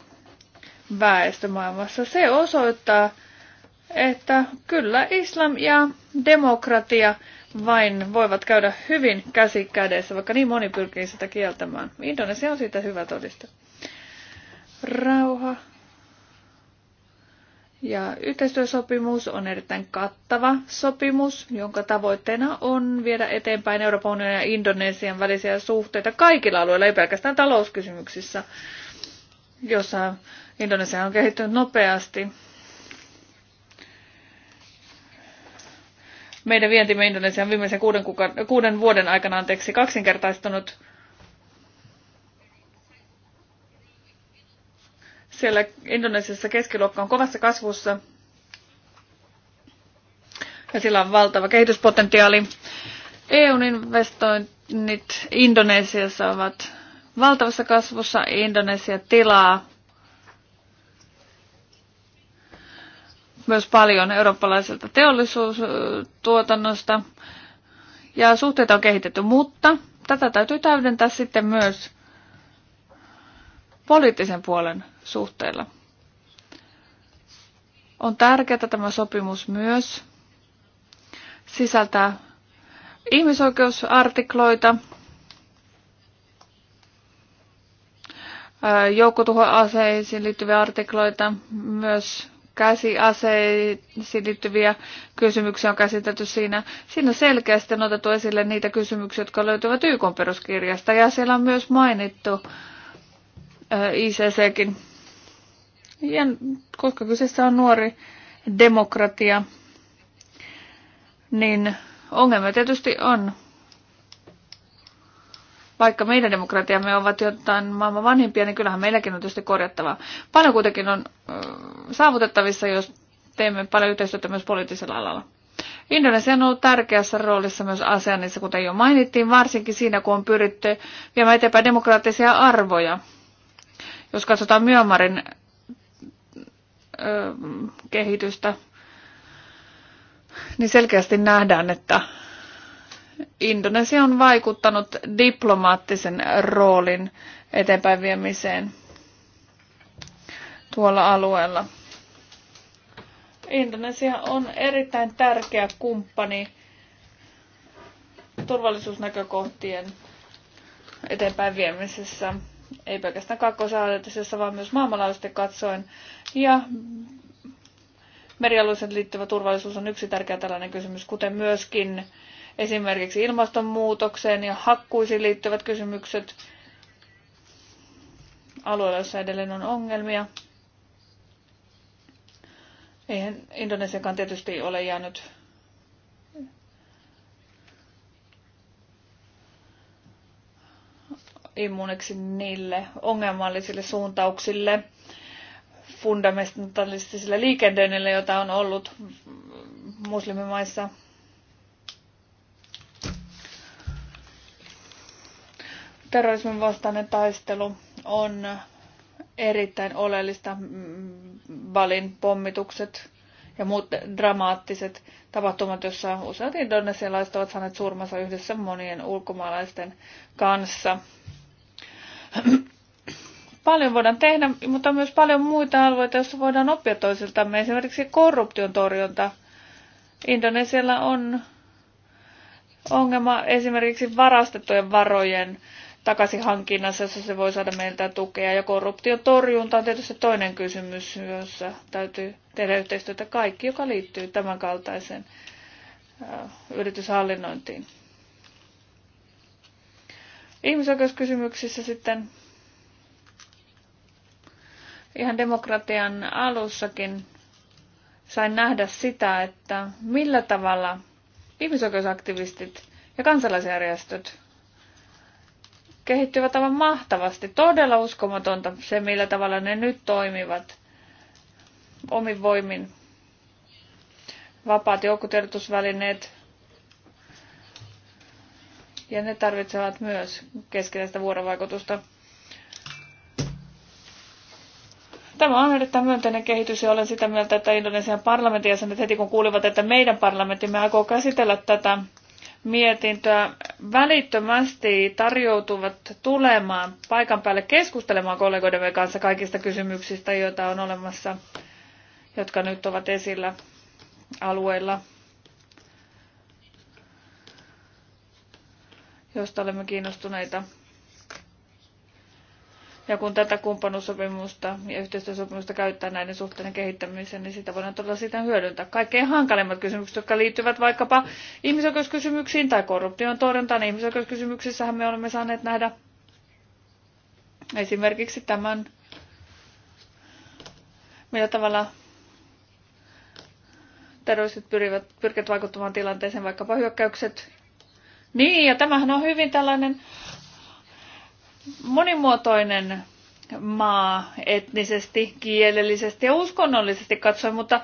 väestö maailmassa. Se osoittaa, että kyllä islam ja demokratia vain voivat käydä hyvin käsi kädessä, vaikka niin moni pyrkii sitä kieltämään. Indonesia on siitä hyvä todiste. Rauha ja yhteistyösopimus on erittäin kattava sopimus, jonka tavoitteena on viedä eteenpäin Euroopan unionin ja Indonesian välisiä suhteita kaikilla alueilla, ei pelkästään talouskysymyksissä, jossa Indonesia on kehittynyt nopeasti. Meidän vientimme Indonesian viimeisen kuuden, kuuden vuoden aikana anteeksi kaksinkertaistunut Siellä Indonesiassa keskiluokka on kovassa kasvussa ja sillä on valtava kehityspotentiaali. EUn investoinnit Indonesiassa ovat valtavassa kasvussa. Indonesia tilaa myös paljon eurooppalaiselta teollisuustuotannosta ja suhteita on kehitetty, mutta tätä täytyy täydentää sitten myös poliittisen puolen suhteella. On tärkeää että tämä sopimus myös sisältää ihmisoikeusartikloita, joukkotuhoaseisiin liittyviä artikloita, myös käsiaseisiin liittyviä kysymyksiä on käsitelty siinä. Siinä selkeästi on otettu esille niitä kysymyksiä, jotka löytyvät YK peruskirjasta ja siellä on myös mainittu Äh, ICCkin. Ja koska kyseessä on nuori demokratia, niin ongelma tietysti on. Vaikka meidän demokratiamme ovat jotain maailman vanhimpia, niin kyllähän meilläkin on tietysti korjattavaa. Paljon kuitenkin on äh, saavutettavissa, jos teemme paljon yhteistyötä myös poliittisella alalla. Indonesia on ollut tärkeässä roolissa myös ASEANissa, kuten jo mainittiin, varsinkin siinä, kun on pyritty viemään eteenpäin demokraattisia arvoja. Jos katsotaan Myanmarin kehitystä, niin selkeästi nähdään, että Indonesia on vaikuttanut diplomaattisen roolin eteenpäin viemiseen tuolla alueella. Indonesia on erittäin tärkeä kumppani turvallisuusnäkökohtien eteenpäin viemisessä ei pelkästään kaakkois vaan myös maailmanlaajuisesti katsoen. Ja merialueeseen liittyvä turvallisuus on yksi tärkeä tällainen kysymys, kuten myöskin esimerkiksi ilmastonmuutokseen ja hakkuisiin liittyvät kysymykset alueella, jossa edelleen on ongelmia. Eihän Indonesiakaan tietysti ole jäänyt immuuniksi niille ongelmallisille suuntauksille, fundamentalistisille liikenteille, jota on ollut muslimimaissa. Terrorismin vastainen taistelu on erittäin oleellista. Valin pommitukset ja muut dramaattiset tapahtumat, joissa useat indonesialaiset ovat saaneet surmansa yhdessä monien ulkomaalaisten kanssa. Paljon voidaan tehdä, mutta on myös paljon muita alueita, joissa voidaan oppia toisiltamme. Esimerkiksi korruption torjunta. Indonesialla on ongelma esimerkiksi varastettujen varojen takaisin hankinnassa, jossa se voi saada meiltä tukea. Ja korruption torjunta on tietysti toinen kysymys, jossa täytyy tehdä yhteistyötä kaikki, joka liittyy tämän äh, yrityshallinnointiin. Ihmisoikeuskysymyksissä sitten ihan demokratian alussakin sain nähdä sitä, että millä tavalla ihmisoikeusaktivistit ja kansalaisjärjestöt kehittyvät aivan mahtavasti. Todella uskomatonta se, millä tavalla ne nyt toimivat omin voimin. Vapaat joukkotiedotusvälineet, ja ne tarvitsevat myös keskeistä vuorovaikutusta. Tämä on erittäin myönteinen kehitys ja olen sitä mieltä, että Indonesian parlamentin jäsenet heti kun kuulivat, että meidän parlamentimme aikoo käsitellä tätä mietintöä, välittömästi tarjoutuvat tulemaan paikan päälle keskustelemaan kollegoidemme kanssa kaikista kysymyksistä, joita on olemassa, jotka nyt ovat esillä alueilla. josta olemme kiinnostuneita. Ja kun tätä kumppanuussopimusta ja yhteistyösopimusta käyttää näiden suhteiden kehittämiseen, niin sitä voidaan todella sitä hyödyntää. Kaikkein hankalimmat kysymykset, jotka liittyvät vaikkapa ihmisoikeuskysymyksiin tai korruption torjuntaan, niin ihmisoikeuskysymyksissähän me olemme saaneet nähdä esimerkiksi tämän, millä tavalla terroristit pyrkivät vaikuttamaan tilanteeseen, vaikkapa hyökkäykset niin, ja tämähän on hyvin tällainen monimuotoinen maa etnisesti, kielellisesti ja uskonnollisesti katsoen, mutta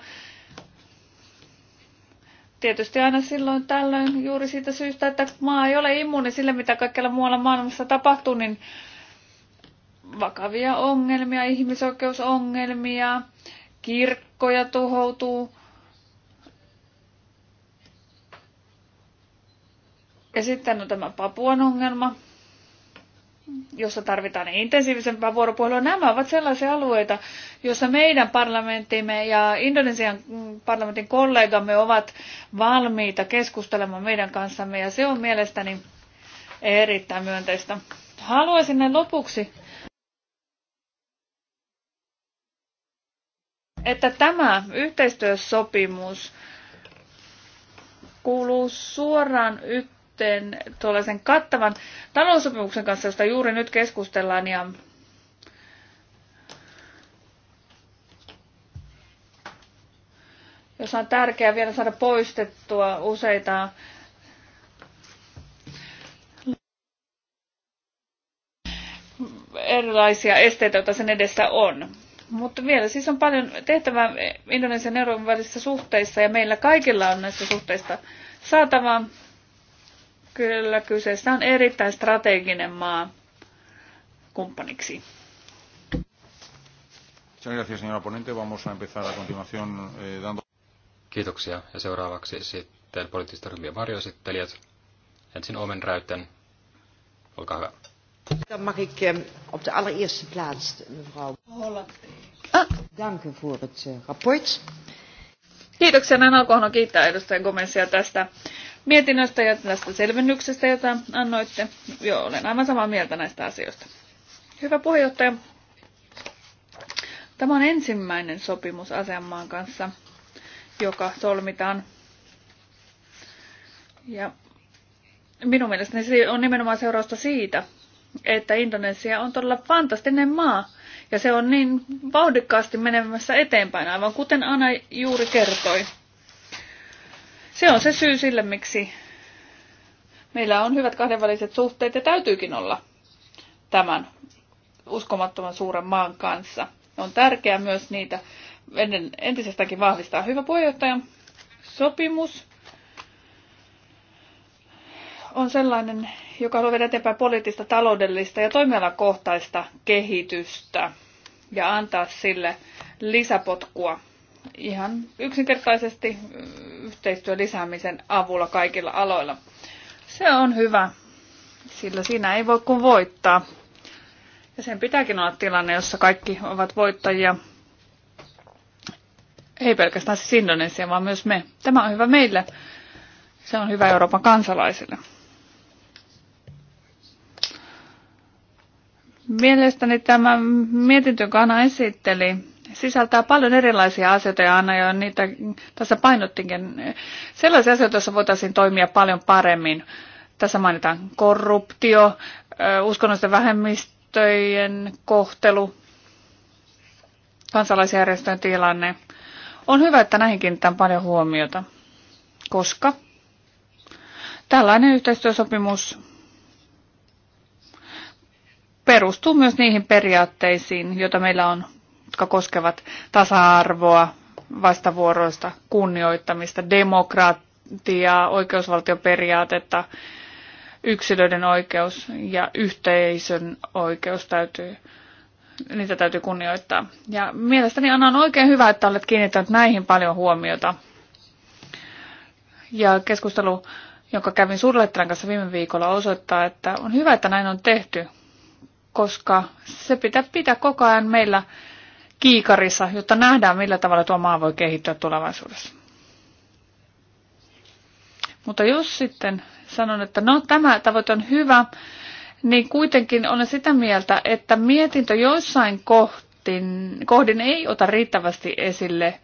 tietysti aina silloin tällöin juuri siitä syystä, että maa ei ole immuuni sille, mitä kaikkella muualla maailmassa tapahtuu, niin vakavia ongelmia, ihmisoikeusongelmia, kirkkoja tuhoutuu, Ja sitten on tämä Papuan ongelma, jossa tarvitaan intensiivisempää vuoropuhelua. Nämä ovat sellaisia alueita, joissa meidän parlamenttimme ja Indonesian parlamentin kollegamme ovat valmiita keskustelemaan meidän kanssamme, ja se on mielestäni erittäin myönteistä. Haluaisin näin lopuksi, että tämä yhteistyösopimus kuuluu suoraan yksi yhteen tuollaisen kattavan taloussopimuksen kanssa, josta juuri nyt keskustellaan ja jos on tärkeää vielä saada poistettua useita erilaisia esteitä, joita sen edessä on. Mutta vielä siis on paljon tehtävää Indonesian ja Euroopan välisissä suhteissa ja meillä kaikilla on näistä suhteista saatavaa Kyllä kyseessä on erittäin strateginen maa kumppaniksi. Eh, Kiitoksia. Ja seuraavaksi sitten poliittisten ryhmien varjoesittelijät. Ensin Omen Räyten. Olkaa hyvä. mag ik eh, op de allereerste plaats eh, mevrouw ah! danken voor het rapport. Kiitoksia. Näin alkoon on kiittää edustajan komissia tästä mietinnöstä ja tästä selvennyksestä, jota annoitte. Joo, olen aivan samaa mieltä näistä asioista. Hyvä puheenjohtaja. Tämä on ensimmäinen sopimus asemaan kanssa, joka solmitaan. Ja minun mielestäni se on nimenomaan seurausta siitä, että Indonesia on todella fantastinen maa. Ja se on niin vauhdikkaasti menemässä eteenpäin, aivan kuten Ana juuri kertoi. Se on se syy sille, miksi meillä on hyvät kahdenväliset suhteet ja täytyykin olla tämän uskomattoman suuren maan kanssa. On tärkeää myös niitä ennen, entisestäänkin vahvistaa. Hyvä puheenjohtaja, sopimus on sellainen, joka haluaa eteenpäin poliittista, taloudellista ja toimialakohtaista kehitystä ja antaa sille lisäpotkua ihan yksinkertaisesti mm, yhteistyön lisäämisen avulla kaikilla aloilla. Se on hyvä, sillä siinä ei voi kuin voittaa. Ja sen pitääkin olla tilanne, jossa kaikki ovat voittajia. Ei pelkästään siis Indonesia, vaan myös me. Tämä on hyvä meille. Se on hyvä Euroopan kansalaisille. Mielestäni tämä mietintö, joka esitteli, sisältää paljon erilaisia asioita ja Anna jo niitä tässä painottinkin. Sellaisia asioita, joissa voitaisiin toimia paljon paremmin. Tässä mainitaan korruptio, uskonnollisten vähemmistöjen kohtelu, kansalaisjärjestöjen tilanne. On hyvä, että näihin kiinnitetään paljon huomiota, koska tällainen yhteistyösopimus perustuu myös niihin periaatteisiin, joita meillä on jotka koskevat tasa-arvoa, vastavuoroista kunnioittamista, demokratiaa, oikeusvaltioperiaatetta, yksilöiden oikeus ja yhteisön oikeus täytyy, niitä täytyy kunnioittaa. Ja mielestäni Anna on oikein hyvä, että olet kiinnittänyt näihin paljon huomiota. Ja keskustelu, jonka kävin suurlehtelän kanssa viime viikolla, osoittaa, että on hyvä, että näin on tehty, koska se pitää pitää koko ajan meillä kiikarissa, jotta nähdään, millä tavalla tuo maa voi kehittyä tulevaisuudessa. Mutta jos sitten sanon, että no tämä tavoite on hyvä, niin kuitenkin olen sitä mieltä, että mietintö joissain kohtin, kohdin ei ota riittävästi esille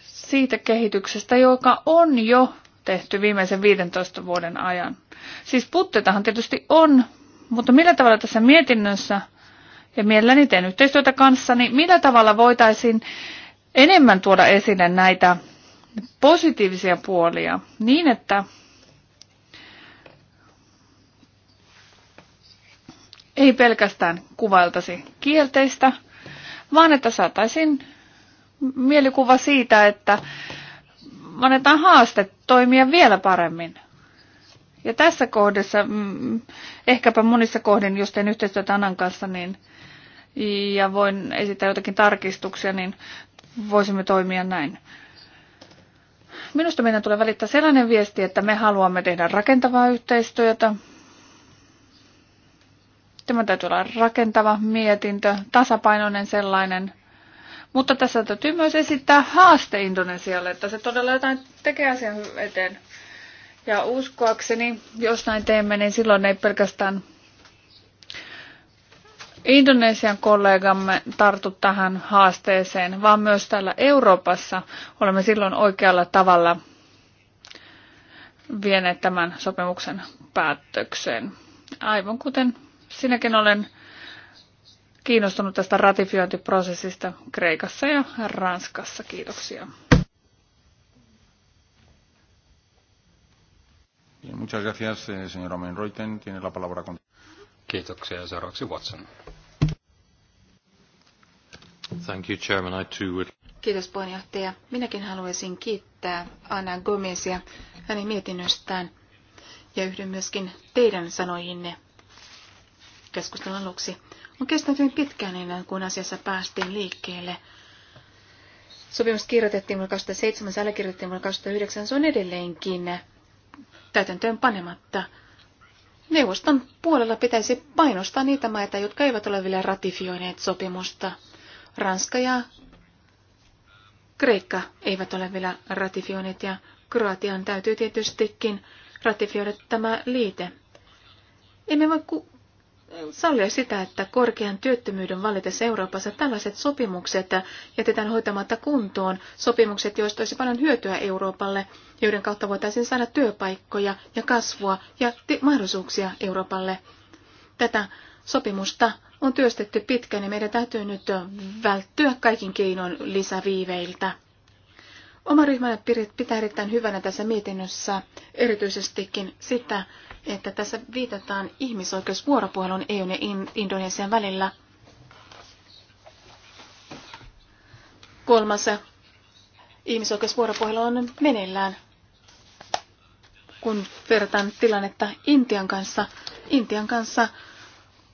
siitä kehityksestä, joka on jo tehty viimeisen 15 vuoden ajan. Siis puttetahan tietysti on, mutta millä tavalla tässä mietinnössä, ja mielelläni teen yhteistyötä kanssa, niin millä tavalla voitaisiin enemmän tuoda esille näitä positiivisia puolia niin, että ei pelkästään kuvailtaisi kielteistä, vaan että saataisiin mielikuva siitä, että annetaan haaste toimia vielä paremmin. Ja tässä kohdassa, mm, ehkäpä monissa kohdin, jos teen yhteistyötä Anan kanssa, niin ja voin esittää jotakin tarkistuksia, niin voisimme toimia näin. Minusta meidän tulee välittää sellainen viesti, että me haluamme tehdä rakentavaa yhteistyötä. Tämä täytyy olla rakentava mietintö, tasapainoinen sellainen. Mutta tässä täytyy myös esittää haaste Indonesialle, että se todella jotain tekee asian eteen. Ja uskoakseni, jos näin teemme, niin silloin ei pelkästään Indonesian kollegamme tartu tähän haasteeseen, vaan myös täällä Euroopassa olemme silloin oikealla tavalla vieneet tämän sopimuksen päätökseen. Aivan kuten sinäkin olen kiinnostunut tästä ratifiointiprosessista Kreikassa ja Ranskassa. Kiitoksia. Eh, muchas gracias, eh, Tiene la palabra con... Kiitoksia. Seuraavaksi Watson. Thank you, Chairman. I too would... Kiitos puheenjohtaja. Minäkin haluaisin kiittää Anna Gomezia hänen mietinnöstään ja yhdyn myöskin teidän sanoihinne keskustelun aluksi. On kestänyt hyvin pitkään ennen kuin asiassa päästiin liikkeelle. Sopimus kirjoitettiin vuonna 2007, se allekirjoitettiin vuonna 2009, se on edelleenkin täytäntöön panematta. Neuvoston puolella pitäisi painostaa niitä maita, jotka eivät ole vielä ratifioineet sopimusta. Ranska ja Kreikka eivät ole vielä ratifioineet ja Kroatian täytyy tietystikin ratifioida tämä liite. Emme voi sallia sitä, että korkean työttömyyden valitessa Euroopassa tällaiset sopimukset jätetään hoitamatta kuntoon, sopimukset, joista olisi paljon hyötyä Euroopalle, joiden kautta voitaisiin saada työpaikkoja ja kasvua ja mahdollisuuksia Euroopalle. Tätä sopimusta on työstetty pitkään ja meidän täytyy nyt välttyä kaikin keinoin lisäviiveiltä. Oma ryhmäni pitää erittäin hyvänä tässä mietinnössä erityisestikin sitä, että tässä viitataan ihmisoikeusvuoropuhelun EUn ja Indonesian välillä. Kolmas ihmisoikeusvuoropuhelu on meneillään, kun verrataan tilannetta Intian kanssa. Intian kanssa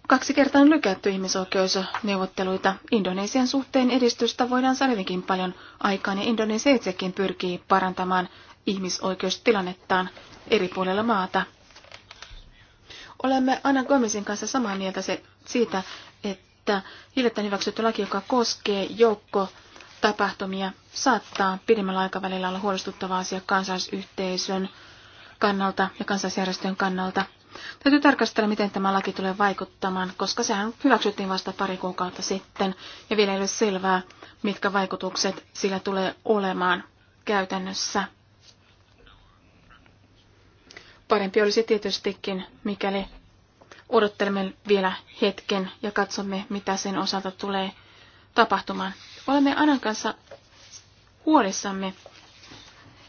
Kaksi kertaa on lykätty ihmisoikeusneuvotteluita. Indonesian suhteen edistystä voidaan hyvinkin paljon aikaan ja Indonesia itsekin pyrkii parantamaan ihmisoikeustilannettaan eri puolilla maata. Olemme Anna Gomesin kanssa samaa mieltä se, siitä, että hiljattain hyväksytty laki, joka koskee joukko tapahtumia, saattaa pidemmällä aikavälillä olla huolestuttava asia kansalaisyhteisön kannalta ja kansalaisjärjestöjen kannalta – Täytyy tarkastella, miten tämä laki tulee vaikuttamaan, koska sehän hyväksyttiin vasta pari kuukautta sitten, ja vielä ei ole selvää, mitkä vaikutukset sillä tulee olemaan käytännössä. Parempi olisi tietystikin, mikäli odottelemme vielä hetken ja katsomme, mitä sen osalta tulee tapahtumaan. Olemme Anan kanssa huolissamme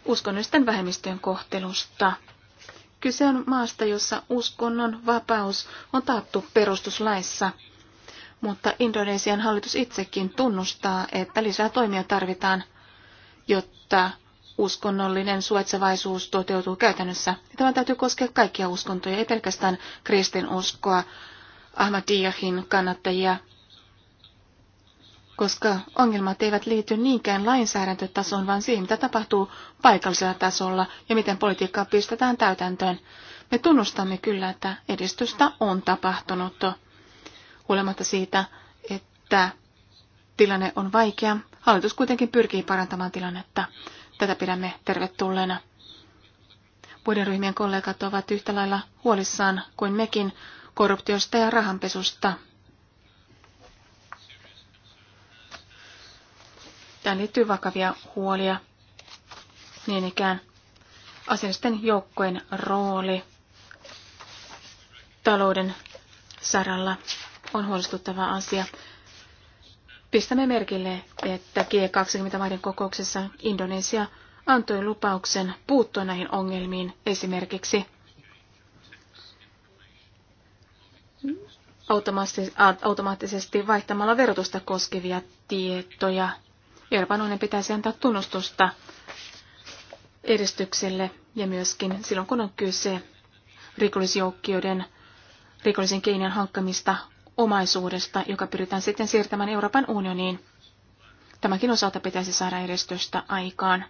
uskonnollisten vähemmistöjen kohtelusta. Kyse on maasta, jossa uskonnon vapaus on taattu perustuslaissa. Mutta Indonesian hallitus itsekin tunnustaa, että lisää toimia tarvitaan, jotta uskonnollinen suetsevaisuus toteutuu käytännössä. Tämä täytyy koskea kaikkia uskontoja, ei pelkästään kristinuskoa, Ahmadiyahin kannattajia koska ongelmat eivät liity niinkään lainsäädäntötasoon, vaan siihen, mitä tapahtuu paikallisella tasolla ja miten politiikkaa pistetään täytäntöön. Me tunnustamme kyllä, että edistystä on tapahtunut, huolimatta siitä, että tilanne on vaikea. Hallitus kuitenkin pyrkii parantamaan tilannetta. Tätä pidämme tervetulleena. Muiden ryhmien kollegat ovat yhtä lailla huolissaan kuin mekin korruptiosta ja rahanpesusta – Tähän liittyy vakavia huolia. Niin ikään aseellisten joukkojen rooli talouden saralla on huolestuttava asia. Pistämme merkille, että G20-maiden kokouksessa Indonesia antoi lupauksen puuttua näihin ongelmiin esimerkiksi automaattisesti vaihtamalla verotusta koskevia tietoja Euroopan unionin pitäisi antaa tunnustusta edistykselle ja myöskin silloin, kun on kyse rikollisjoukkioiden, rikollisen keinojen hankkamista omaisuudesta, joka pyritään sitten siirtämään Euroopan unioniin. Tämäkin osalta pitäisi saada edistystä aikaan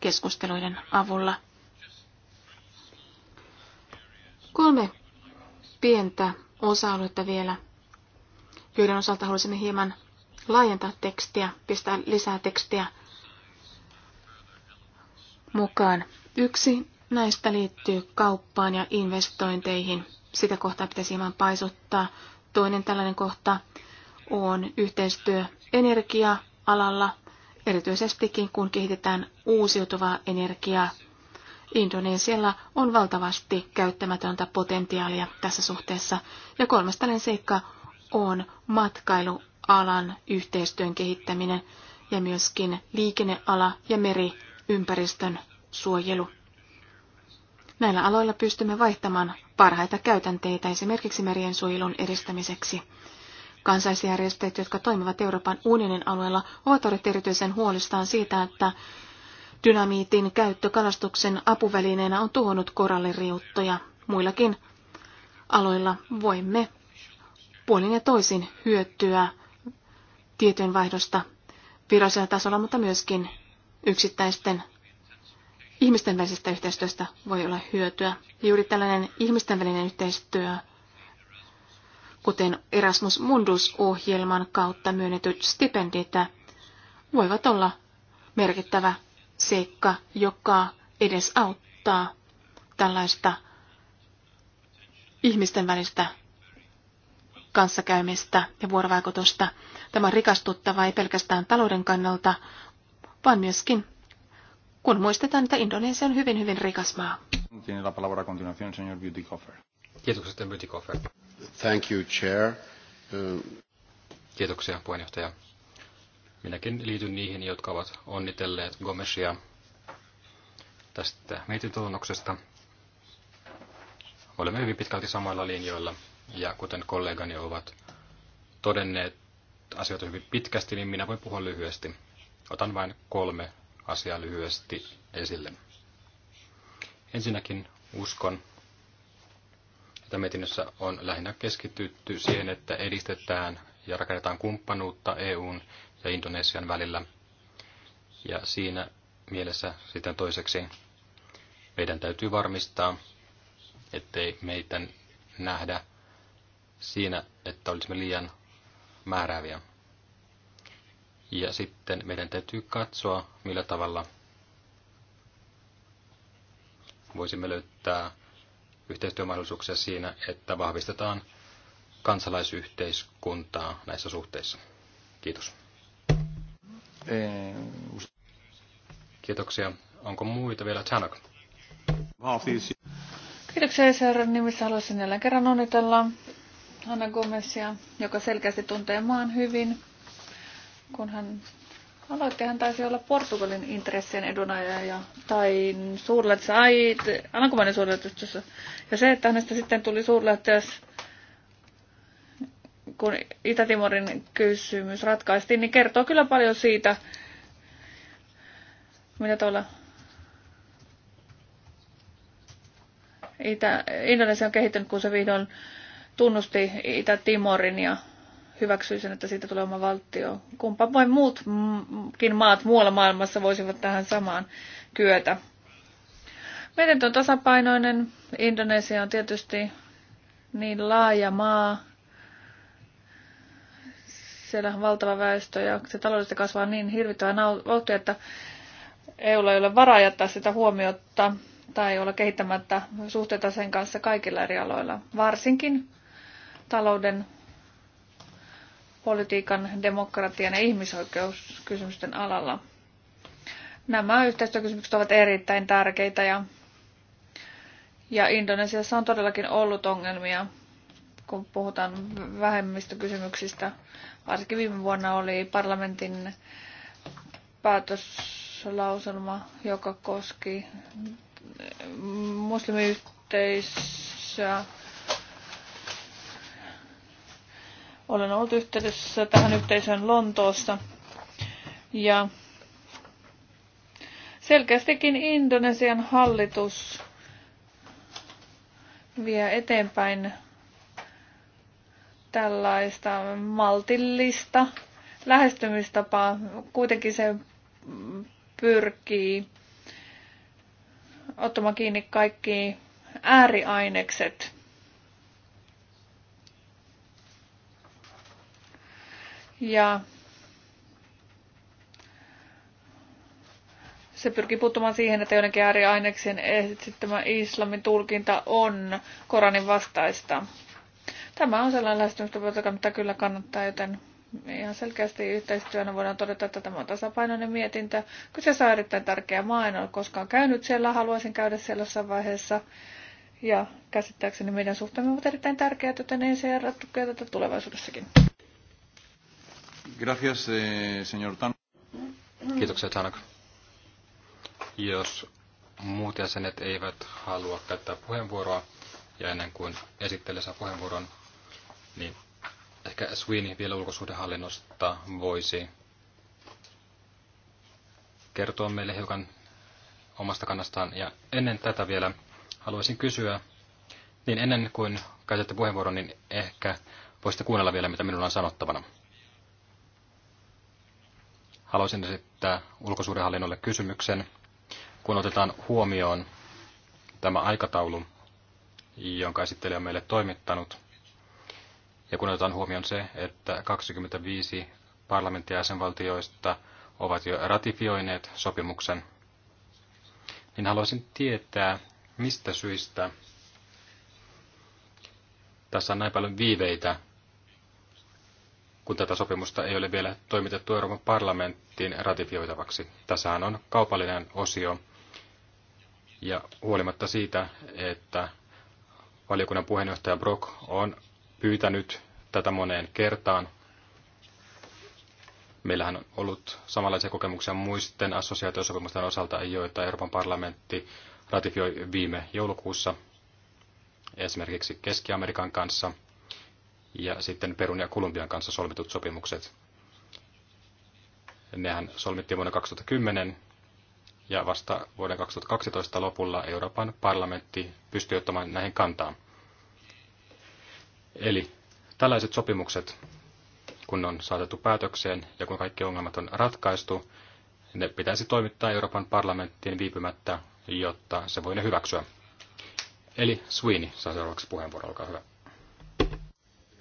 keskusteluiden avulla. Kolme pientä osa-aluetta vielä, joiden osalta haluaisimme hieman laajentaa tekstiä, pistää lisää tekstiä mukaan. Yksi näistä liittyy kauppaan ja investointeihin. Sitä kohtaa pitäisi hieman paisuttaa. Toinen tällainen kohta on yhteistyö energia-alalla, erityisestikin kun kehitetään uusiutuvaa energiaa. Indonesialla on valtavasti käyttämätöntä potentiaalia tässä suhteessa. Ja kolmas tällainen seikka on matkailu alan yhteistyön kehittäminen ja myöskin liikenneala ja meriympäristön suojelu. Näillä aloilla pystymme vaihtamaan parhaita käytänteitä esimerkiksi merien suojelun edistämiseksi. Kansaisjärjestöt, jotka toimivat Euroopan unionin alueella, ovat olleet erityisen huolistaan siitä, että dynamiitin käyttö kalastuksen apuvälineenä on tuhonnut koralliriuttoja. Muillakin aloilla voimme puolin ja toisin hyötyä tietojenvaihdosta virallisella tasolla, mutta myöskin yksittäisten ihmisten välisestä yhteistyöstä voi olla hyötyä. Ja juuri tällainen ihmisten välinen yhteistyö, kuten Erasmus Mundus-ohjelman kautta myönnetyt stipendit, voivat olla merkittävä seikka, joka edes auttaa tällaista ihmisten välistä kanssakäymistä ja vuorovaikutusta. Tämä on rikastuttava ei pelkästään talouden kannalta, vaan myöskin kun muistetaan, että Indonesia on hyvin, hyvin rikas maa. Kiitokset, la Coffer. Kiitokset, Thank you, Chair. Uh, Kiitoksia, puheenjohtaja. Minäkin liityn niihin, jotka ovat onnitelleet Gomesia tästä mietintötunnuksesta. Olemme hyvin pitkälti samoilla linjoilla ja kuten kollegani ovat todenneet asioita hyvin pitkästi, niin minä voin puhua lyhyesti. Otan vain kolme asiaa lyhyesti esille. Ensinnäkin uskon, että mietinnössä on lähinnä keskitytty siihen, että edistetään ja rakennetaan kumppanuutta EUn ja Indonesian välillä. Ja siinä mielessä sitten toiseksi meidän täytyy varmistaa, ettei meitä nähdä siinä, että olisimme liian määrääviä. Ja sitten meidän täytyy katsoa, millä tavalla voisimme löytää yhteistyömahdollisuuksia siinä, että vahvistetaan kansalaisyhteiskuntaa näissä suhteissa. Kiitos. Kiitoksia. Onko muita vielä? Chanok. Kiitoksia Isairan nimissä haluaisin jälleen kerran onnitella Anna Gomesia, joka selkeästi tuntee maan hyvin, kun hän aloitti, hän taisi olla Portugalin intressien edunajaja ja, tai suurlähettiläs, alankomainen suurlähettiläs. Ja se, että hänestä sitten tuli suurlähettiläs, kun Itä-Timorin kysymys ratkaistiin, niin kertoo kyllä paljon siitä, mitä tuolla Itä, Indonesia on kehittynyt, kun se vihdoin tunnusti Itä-Timorin ja hyväksyi sen, että siitä tulee oma valtio. Kumpa vain muutkin maat muualla maailmassa voisivat tähän samaan kyetä. Meidän on tasapainoinen. Indonesia on tietysti niin laaja maa. Siellä on valtava väestö ja se taloudellisesti kasvaa niin hirvittävän vauhtia, että EUlla ei ole varaa jättää sitä huomiota tai olla kehittämättä suhteita sen kanssa kaikilla eri aloilla, varsinkin talouden, politiikan, demokratian ja ihmisoikeuskysymysten alalla. Nämä yhteistyökysymykset ovat erittäin tärkeitä ja, ja Indonesiassa on todellakin ollut ongelmia, kun puhutaan vähemmistökysymyksistä. Varsinkin viime vuonna oli parlamentin päätöslauselma, joka koski muslimiyhteisöä Olen ollut yhteydessä tähän yhteisöön Lontoossa. Ja selkeästikin Indonesian hallitus vie eteenpäin tällaista maltillista lähestymistapaa. Kuitenkin se pyrkii ottamaan kiinni kaikki ääriainekset Ja se pyrkii puuttumaan siihen, että joidenkin ääriaineksien esittämä islamin tulkinta on Koranin vastaista. Tämä on sellainen lähestymistapa, mitä kyllä kannattaa, joten ihan selkeästi yhteistyönä voidaan todeta, että tämä on tasapainoinen mietintö. Kyseessä on erittäin tärkeä maa, en ole koskaan käynyt siellä, haluaisin käydä siellä jossain vaiheessa. Ja käsittääkseni meidän suhteemme ovat erittäin tärkeät, joten ei se tukea tätä tulevaisuudessakin. Gracias, eh, señor Tan. Kiitoksia, Tanak. Jos muut jäsenet eivät halua käyttää puheenvuoroa, ja ennen kuin esittelee saa puheenvuoron, niin ehkä Sweeney vielä ulkosuhdehallinnosta voisi kertoa meille hiukan omasta kannastaan. Ja ennen tätä vielä haluaisin kysyä, niin ennen kuin käytätte puheenvuoron, niin ehkä voisitte kuunnella vielä, mitä minulla on sanottavana. Haluaisin esittää ulkosuudenhallinnolle kysymyksen, kun otetaan huomioon tämä aikataulu, jonka esittelijä on meille toimittanut, ja kun otetaan huomioon se, että 25 parlamentin jäsenvaltioista ovat jo ratifioineet sopimuksen, niin haluaisin tietää, mistä syistä tässä on näin paljon viiveitä kun tätä sopimusta ei ole vielä toimitettu Euroopan parlamenttiin ratifioitavaksi. Tässähän on kaupallinen osio, ja huolimatta siitä, että valiokunnan puheenjohtaja Brock on pyytänyt tätä moneen kertaan, meillähän on ollut samanlaisia kokemuksia muisten assosiaatiosopimusten osalta, joita Euroopan parlamentti ratifioi viime joulukuussa, esimerkiksi Keski-Amerikan kanssa – ja sitten Perun ja Kolumbian kanssa solmitut sopimukset. Nehän solmittiin vuonna 2010 ja vasta vuoden 2012 lopulla Euroopan parlamentti pystyi ottamaan näihin kantaa. Eli tällaiset sopimukset, kun on saatettu päätökseen ja kun kaikki ongelmat on ratkaistu, ne pitäisi toimittaa Euroopan parlamenttiin viipymättä, jotta se voi ne hyväksyä. Eli Sweeney saa seuraavaksi puheenvuoro, olkaa hyvä.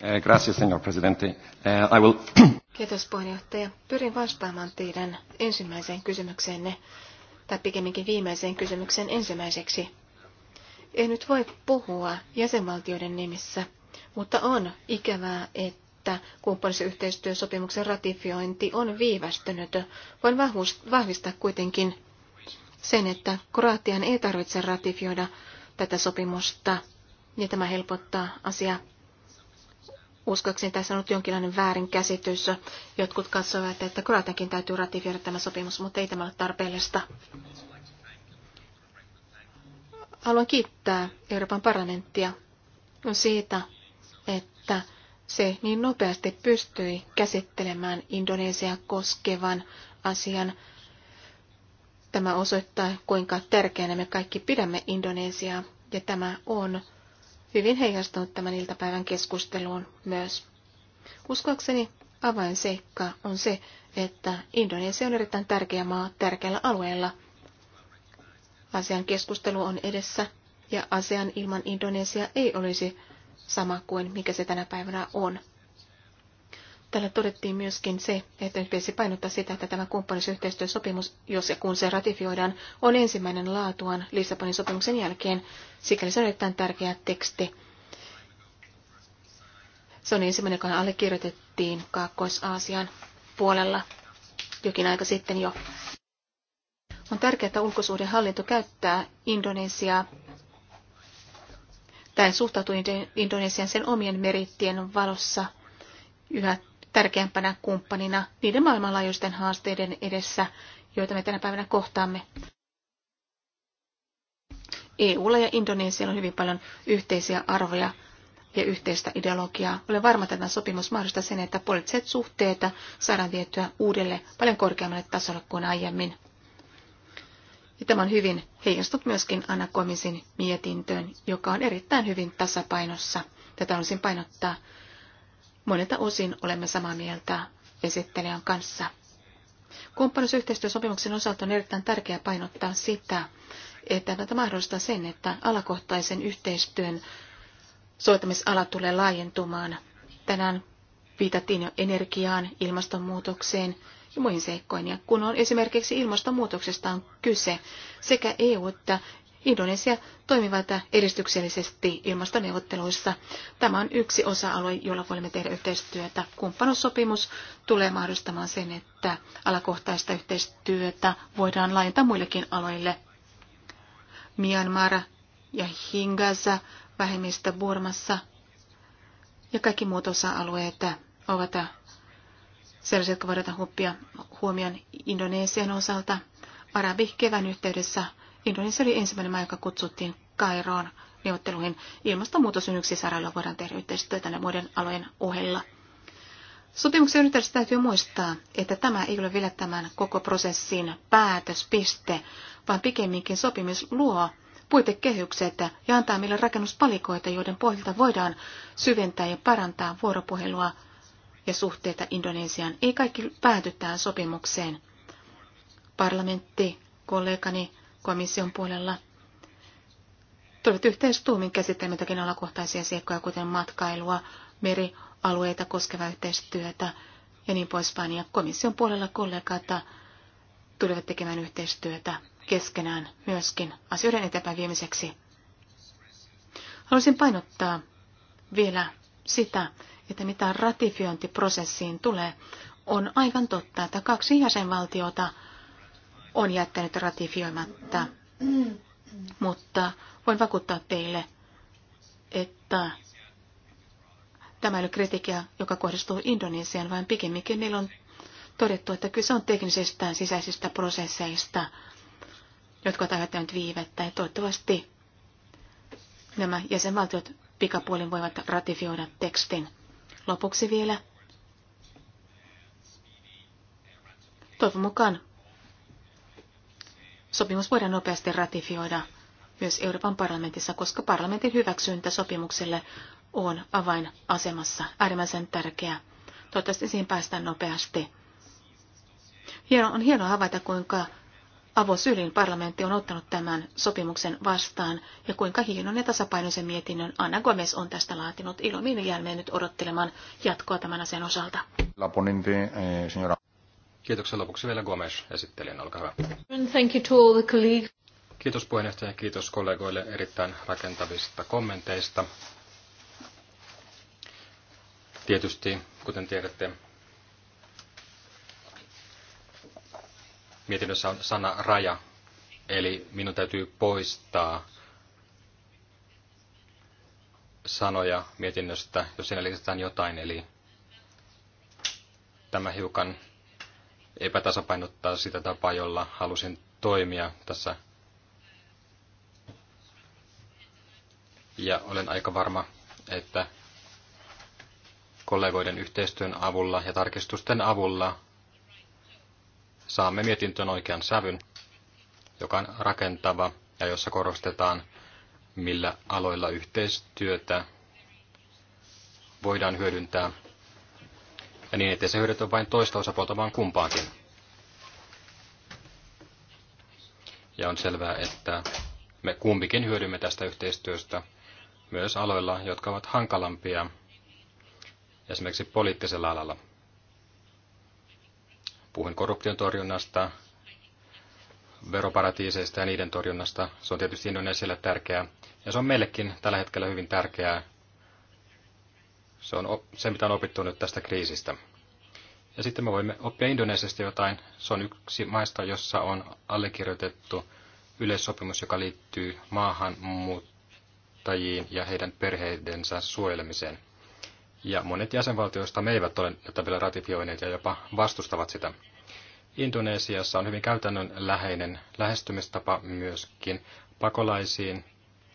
Eh, Gracias, señor presidente. Eh, I will... Kiitos puheenjohtaja. Pyrin vastaamaan teidän ensimmäiseen kysymykseenne, tai pikemminkin viimeiseen kysymykseen ensimmäiseksi. En nyt voi puhua jäsenvaltioiden nimissä, mutta on ikävää, että kumppanisyhteistyösopimuksen ratifiointi on viivästynyt. Voin vahvistaa kuitenkin sen, että Kroatian ei tarvitse ratifioida tätä sopimusta, ja tämä helpottaa asiaa. Uskoakseni tässä on ollut jonkinlainen väärinkäsitys. Jotkut katsovat, että Kroatiankin täytyy ratifioida tämä sopimus, mutta ei tämä ole tarpeellista. Haluan kiittää Euroopan parlamenttia siitä, että se niin nopeasti pystyi käsittelemään Indonesia koskevan asian. Tämä osoittaa, kuinka tärkeänä me kaikki pidämme Indonesiaa, ja tämä on hyvin heijastunut tämän iltapäivän keskusteluun myös. Uskoakseni avainseikka on se, että Indonesia on erittäin tärkeä maa tärkeällä alueella. Asian keskustelu on edessä ja asian ilman Indonesia ei olisi sama kuin mikä se tänä päivänä on. Tällä todettiin myöskin se, että nyt pitäisi painottaa sitä, että tämä kumppanisyhteistyösopimus, jos ja kun se ratifioidaan, on ensimmäinen laatuaan Lissabonin sopimuksen jälkeen. Sikäli se on erittäin tärkeä teksti. Se on ensimmäinen, joka allekirjoitettiin Kaakkois-Aasian puolella jokin aika sitten jo. On tärkeää, että ulkosuhdehallinto käyttää Indonesiaa tai suhtautuu Indonesian sen omien merittien valossa yhä tärkeämpänä kumppanina niiden maailmanlaajuisten haasteiden edessä, joita me tänä päivänä kohtaamme. EUlla ja Indonesialla on hyvin paljon yhteisiä arvoja ja yhteistä ideologiaa. Olen varma, että tämä sopimus mahdollistaa sen, että poliittiset suhteet saadaan vietyä uudelle, paljon korkeammalle tasolle kuin aiemmin. Ja tämä on hyvin heijastunut myöskin Anna Komisin mietintöön, joka on erittäin hyvin tasapainossa. Tätä olisin painottaa. Monelta osin olemme samaa mieltä esittelijän kanssa. Kumppanuusyhteistyösopimuksen osalta on erittäin tärkeää painottaa sitä, että tätä mahdollistaa sen, että alakohtaisen yhteistyön soittamisala tulee laajentumaan. Tänään viitattiin jo energiaan, ilmastonmuutokseen ja muihin seikkoihin. Ja kun on esimerkiksi ilmastonmuutoksesta on kyse, sekä EU että Indonesia toimivat edistyksellisesti ilmastoneuvotteluissa. Tämä on yksi osa-alue, jolla voimme tehdä yhteistyötä. Kumppanuussopimus tulee mahdollistamaan sen, että alakohtaista yhteistyötä voidaan laajentaa muillekin aloille. Myanmar ja Hingaza, vähemmistö Burmassa ja kaikki muut osa-alueet ovat sellaisia, jotka voidaan huppia huomioon Indonesian osalta. Arabikevään yhteydessä Indonesia oli ensimmäinen maa, joka kutsuttiin Kairoon neuvotteluihin ilmastonmuutosynnyksi saralla voidaan tehdä yhteistyötä ne muiden alojen ohella. Sopimuksen yhteydessä täytyy muistaa, että tämä ei ole vielä tämän koko prosessin päätöspiste, vaan pikemminkin sopimus luo puitekehykset ja antaa meille rakennuspalikoita, joiden pohjalta voidaan syventää ja parantaa vuoropuhelua ja suhteita Indonesiaan. Ei kaikki pääty tähän sopimukseen. Parlamentti, kollegani komission puolella tulivat yhteistuumin käsittelemätäkin alakohtaisia seikkoja, kuten matkailua, merialueita koskeva yhteistyötä ja niin poispäin. Ja komission puolella kollegat tulevat tekemään yhteistyötä keskenään myöskin asioiden eteenpäin viimeiseksi. Haluaisin painottaa vielä sitä, että mitä ratifiointiprosessiin tulee, on aivan totta, että kaksi jäsenvaltiota – on jättänyt ratifioimatta. Mutta voin vakuuttaa teille, että tämä ei ole kritiikkiä, joka kohdistuu Indonesiaan, vaan pikemminkin meillä on todettu, että kyse on teknisistä sisäisistä prosesseista, jotka ovat aiheuttaneet viivettä. Ja toivottavasti nämä jäsenvaltiot pikapuolin voivat ratifioida tekstin. Lopuksi vielä. Toivon mukaan Sopimus voidaan nopeasti ratifioida myös Euroopan parlamentissa, koska parlamentin hyväksyntä sopimukselle on avainasemassa äärimmäisen tärkeä. Toivottavasti siihen päästään nopeasti. Hieno, on hienoa havaita, kuinka avosylin parlamentti on ottanut tämän sopimuksen vastaan ja kuinka hienon ja tasapainoisen mietinnön Anna Gomez on tästä laatinut. Ilomiin jäämme nyt odottelemaan jatkoa tämän asian osalta. La ponente, eh, señora. Kiitoksia lopuksi vielä Gomes esittelijän, olkaa hyvä. Thank you to all the colleagues. Kiitos puheenjohtaja ja kiitos kollegoille erittäin rakentavista kommenteista. Tietysti, kuten tiedätte, mietinnössä on sana raja, eli minun täytyy poistaa sanoja mietinnöstä, jos siinä lisätään jotain, eli tämä hiukan epätasapainottaa sitä tapaa, jolla halusin toimia tässä. Ja olen aika varma, että kollegoiden yhteistyön avulla ja tarkistusten avulla saamme mietintön oikean sävyn, joka on rakentava ja jossa korostetaan, millä aloilla yhteistyötä voidaan hyödyntää ja niin, ettei se hyödytä vain toista osapuolta, vaan kumpaankin. Ja on selvää, että me kumpikin hyödymme tästä yhteistyöstä myös aloilla, jotka ovat hankalampia, esimerkiksi poliittisella alalla. Puhun korruption torjunnasta, veroparatiiseista ja niiden torjunnasta. Se on tietysti Indonesialle tärkeää, ja se on meillekin tällä hetkellä hyvin tärkeää, se on se, mitä on opittu nyt tästä kriisistä. Ja sitten me voimme oppia Indonesiasta jotain. Se on yksi maista, jossa on allekirjoitettu yleissopimus, joka liittyy maahanmuuttajiin ja heidän perheidensä suojelemiseen. Ja monet jäsenvaltioista me eivät ole tätä vielä ratifioineet ja jopa vastustavat sitä. Indonesiassa on hyvin käytännönläheinen lähestymistapa myöskin pakolaisiin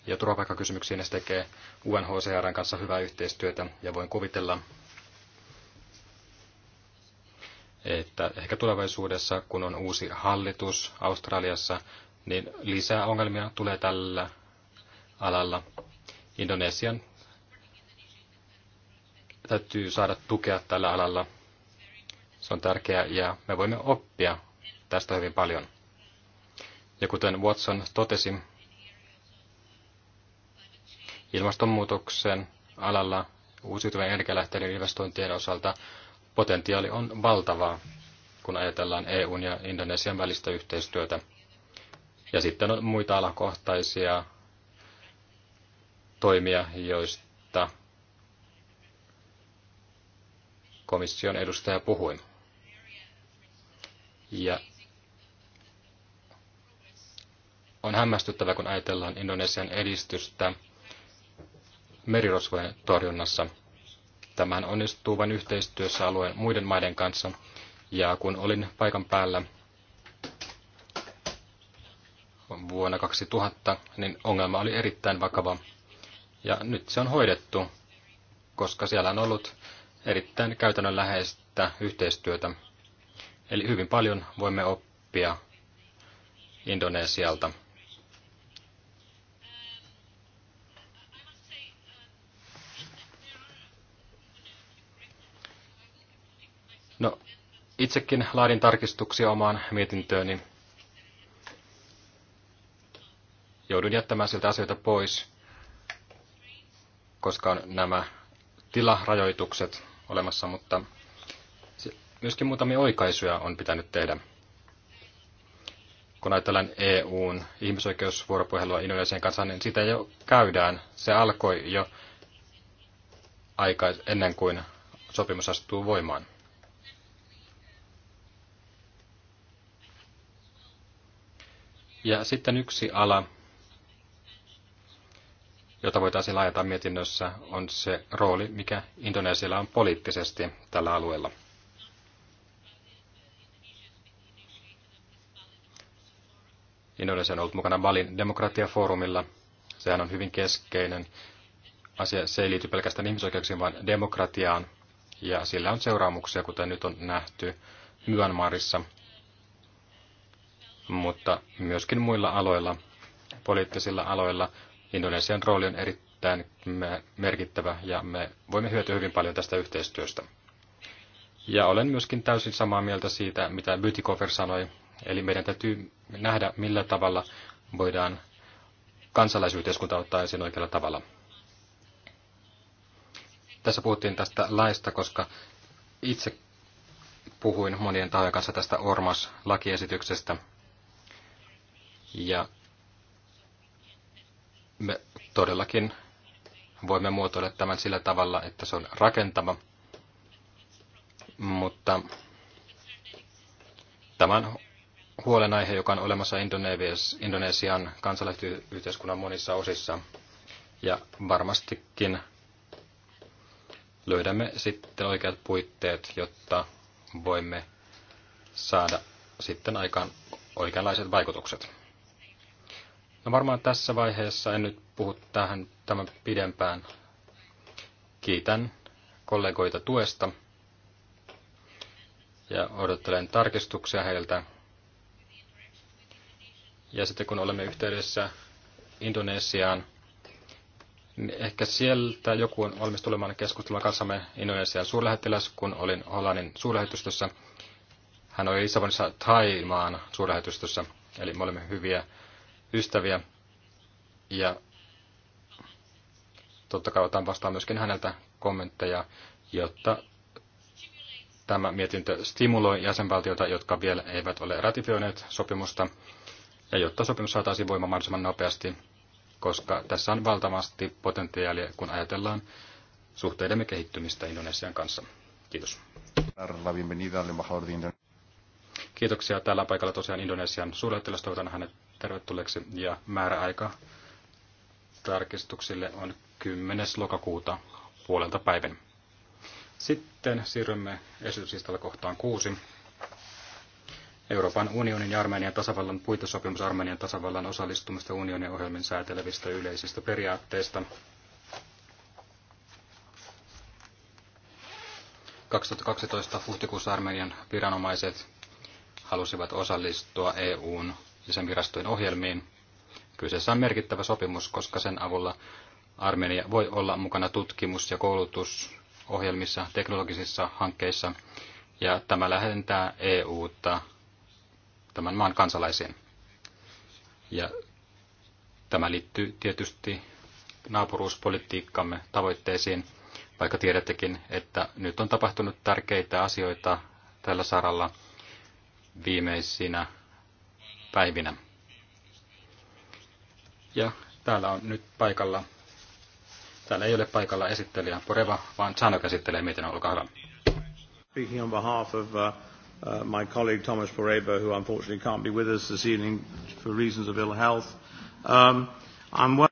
ja turvapaikkakysymyksiin se tekee UNHCRn kanssa hyvää yhteistyötä ja voin kuvitella, että ehkä tulevaisuudessa, kun on uusi hallitus Australiassa, niin lisää ongelmia tulee tällä alalla. Indonesian täytyy saada tukea tällä alalla. Se on tärkeää ja me voimme oppia tästä hyvin paljon. Ja kuten Watson totesi, ilmastonmuutoksen alalla uusiutuvien energialähteiden investointien osalta potentiaali on valtavaa, kun ajatellaan EUn ja Indonesian välistä yhteistyötä. Ja sitten on muita alakohtaisia toimia, joista komission edustaja puhui. Ja on hämmästyttävä, kun ajatellaan Indonesian edistystä merirosvojen torjunnassa. Tämän onnistuu vain yhteistyössä alueen muiden maiden kanssa, ja kun olin paikan päällä vuonna 2000, niin ongelma oli erittäin vakava. Ja nyt se on hoidettu, koska siellä on ollut erittäin käytännönläheistä yhteistyötä. Eli hyvin paljon voimme oppia Indonesialta. itsekin laadin tarkistuksia omaan mietintööni. Joudun jättämään sieltä asioita pois, koska on nämä tilarajoitukset olemassa, mutta myöskin muutamia oikaisuja on pitänyt tehdä. Kun ajatellaan EUn ihmisoikeusvuoropuhelua Indonesian kanssa, niin sitä jo käydään. Se alkoi jo aika ennen kuin sopimus astuu voimaan. Ja sitten yksi ala, jota voitaisiin laajata mietinnössä, on se rooli, mikä Indonesialla on poliittisesti tällä alueella. Indonesia on ollut mukana Balin demokratiafoorumilla. Sehän on hyvin keskeinen asia. Se ei liity pelkästään ihmisoikeuksiin, vaan demokratiaan. Ja sillä on seuraamuksia, kuten nyt on nähty Myanmarissa, mutta myöskin muilla aloilla, poliittisilla aloilla, Indonesian rooli on erittäin merkittävä ja me voimme hyötyä hyvin paljon tästä yhteistyöstä. Ja olen myöskin täysin samaa mieltä siitä, mitä Bytikofer sanoi, eli meidän täytyy nähdä, millä tavalla voidaan kansalaisyhteiskunta ottaa esiin oikealla tavalla. Tässä puhuttiin tästä laista, koska itse puhuin monien tahojen kanssa tästä Ormas-lakiesityksestä, ja me todellakin voimme muotoilla tämän sillä tavalla, että se on rakentava, mutta tämän huolenaihe, joka on olemassa Indonesian kansalaisyhteiskunnan monissa osissa. Ja varmastikin löydämme sitten oikeat puitteet, jotta voimme saada sitten aikaan oikeanlaiset vaikutukset. No varmaan tässä vaiheessa en nyt puhu tähän tämän pidempään. Kiitän kollegoita tuesta ja odottelen tarkistuksia heiltä. Ja sitten kun olemme yhteydessä Indonesiaan, niin ehkä sieltä joku on valmis tulemaan keskustelemaan kanssamme Indonesian suurlähettiläs, kun olin Hollannin suurlähetystössä. Hän oli Lissabonissa Taimaan suurlähetystössä, eli me olemme hyviä ystäviä ja totta kai otan vastaan myöskin häneltä kommentteja, jotta tämä mietintö stimuloi jäsenvaltioita, jotka vielä eivät ole ratifioineet sopimusta, ja jotta sopimus saataisiin voimaan mahdollisimman nopeasti, koska tässä on valtavasti potentiaalia, kun ajatellaan suhteidemme kehittymistä Indonesian kanssa. Kiitos. Kiitoksia. Täällä paikalla tosiaan Indonesian suurlähettiläs. Toivotan hänet tervetulleeksi ja määräaika tarkistuksille on 10. lokakuuta puolelta päivän. Sitten siirrymme esityslistalla kohtaan kuusi. Euroopan unionin ja Armenian tasavallan puitesopimus Armenian tasavallan osallistumista unionin ohjelmin säätelevistä yleisistä periaatteista. 2012 huhtikuussa Armenian viranomaiset halusivat osallistua EUn ja sen virastojen ohjelmiin. Kyseessä on merkittävä sopimus, koska sen avulla Armenia voi olla mukana tutkimus- ja koulutusohjelmissa, teknologisissa hankkeissa, ja tämä lähentää EUta tämän maan kansalaisiin. Ja tämä liittyy tietysti naapuruuspolitiikkamme tavoitteisiin, vaikka tiedättekin, että nyt on tapahtunut tärkeitä asioita tällä saralla viimeisinä päivinä. Ja täällä on nyt paikalla, täällä ei ole paikalla esittelijä Poreva, vaan Chano käsittelee mietinnön, olkaa hyvä. Speaking on behalf of uh, uh, my colleague Thomas Poreva, who unfortunately can't be with us this evening for reasons of ill health, um, I'm...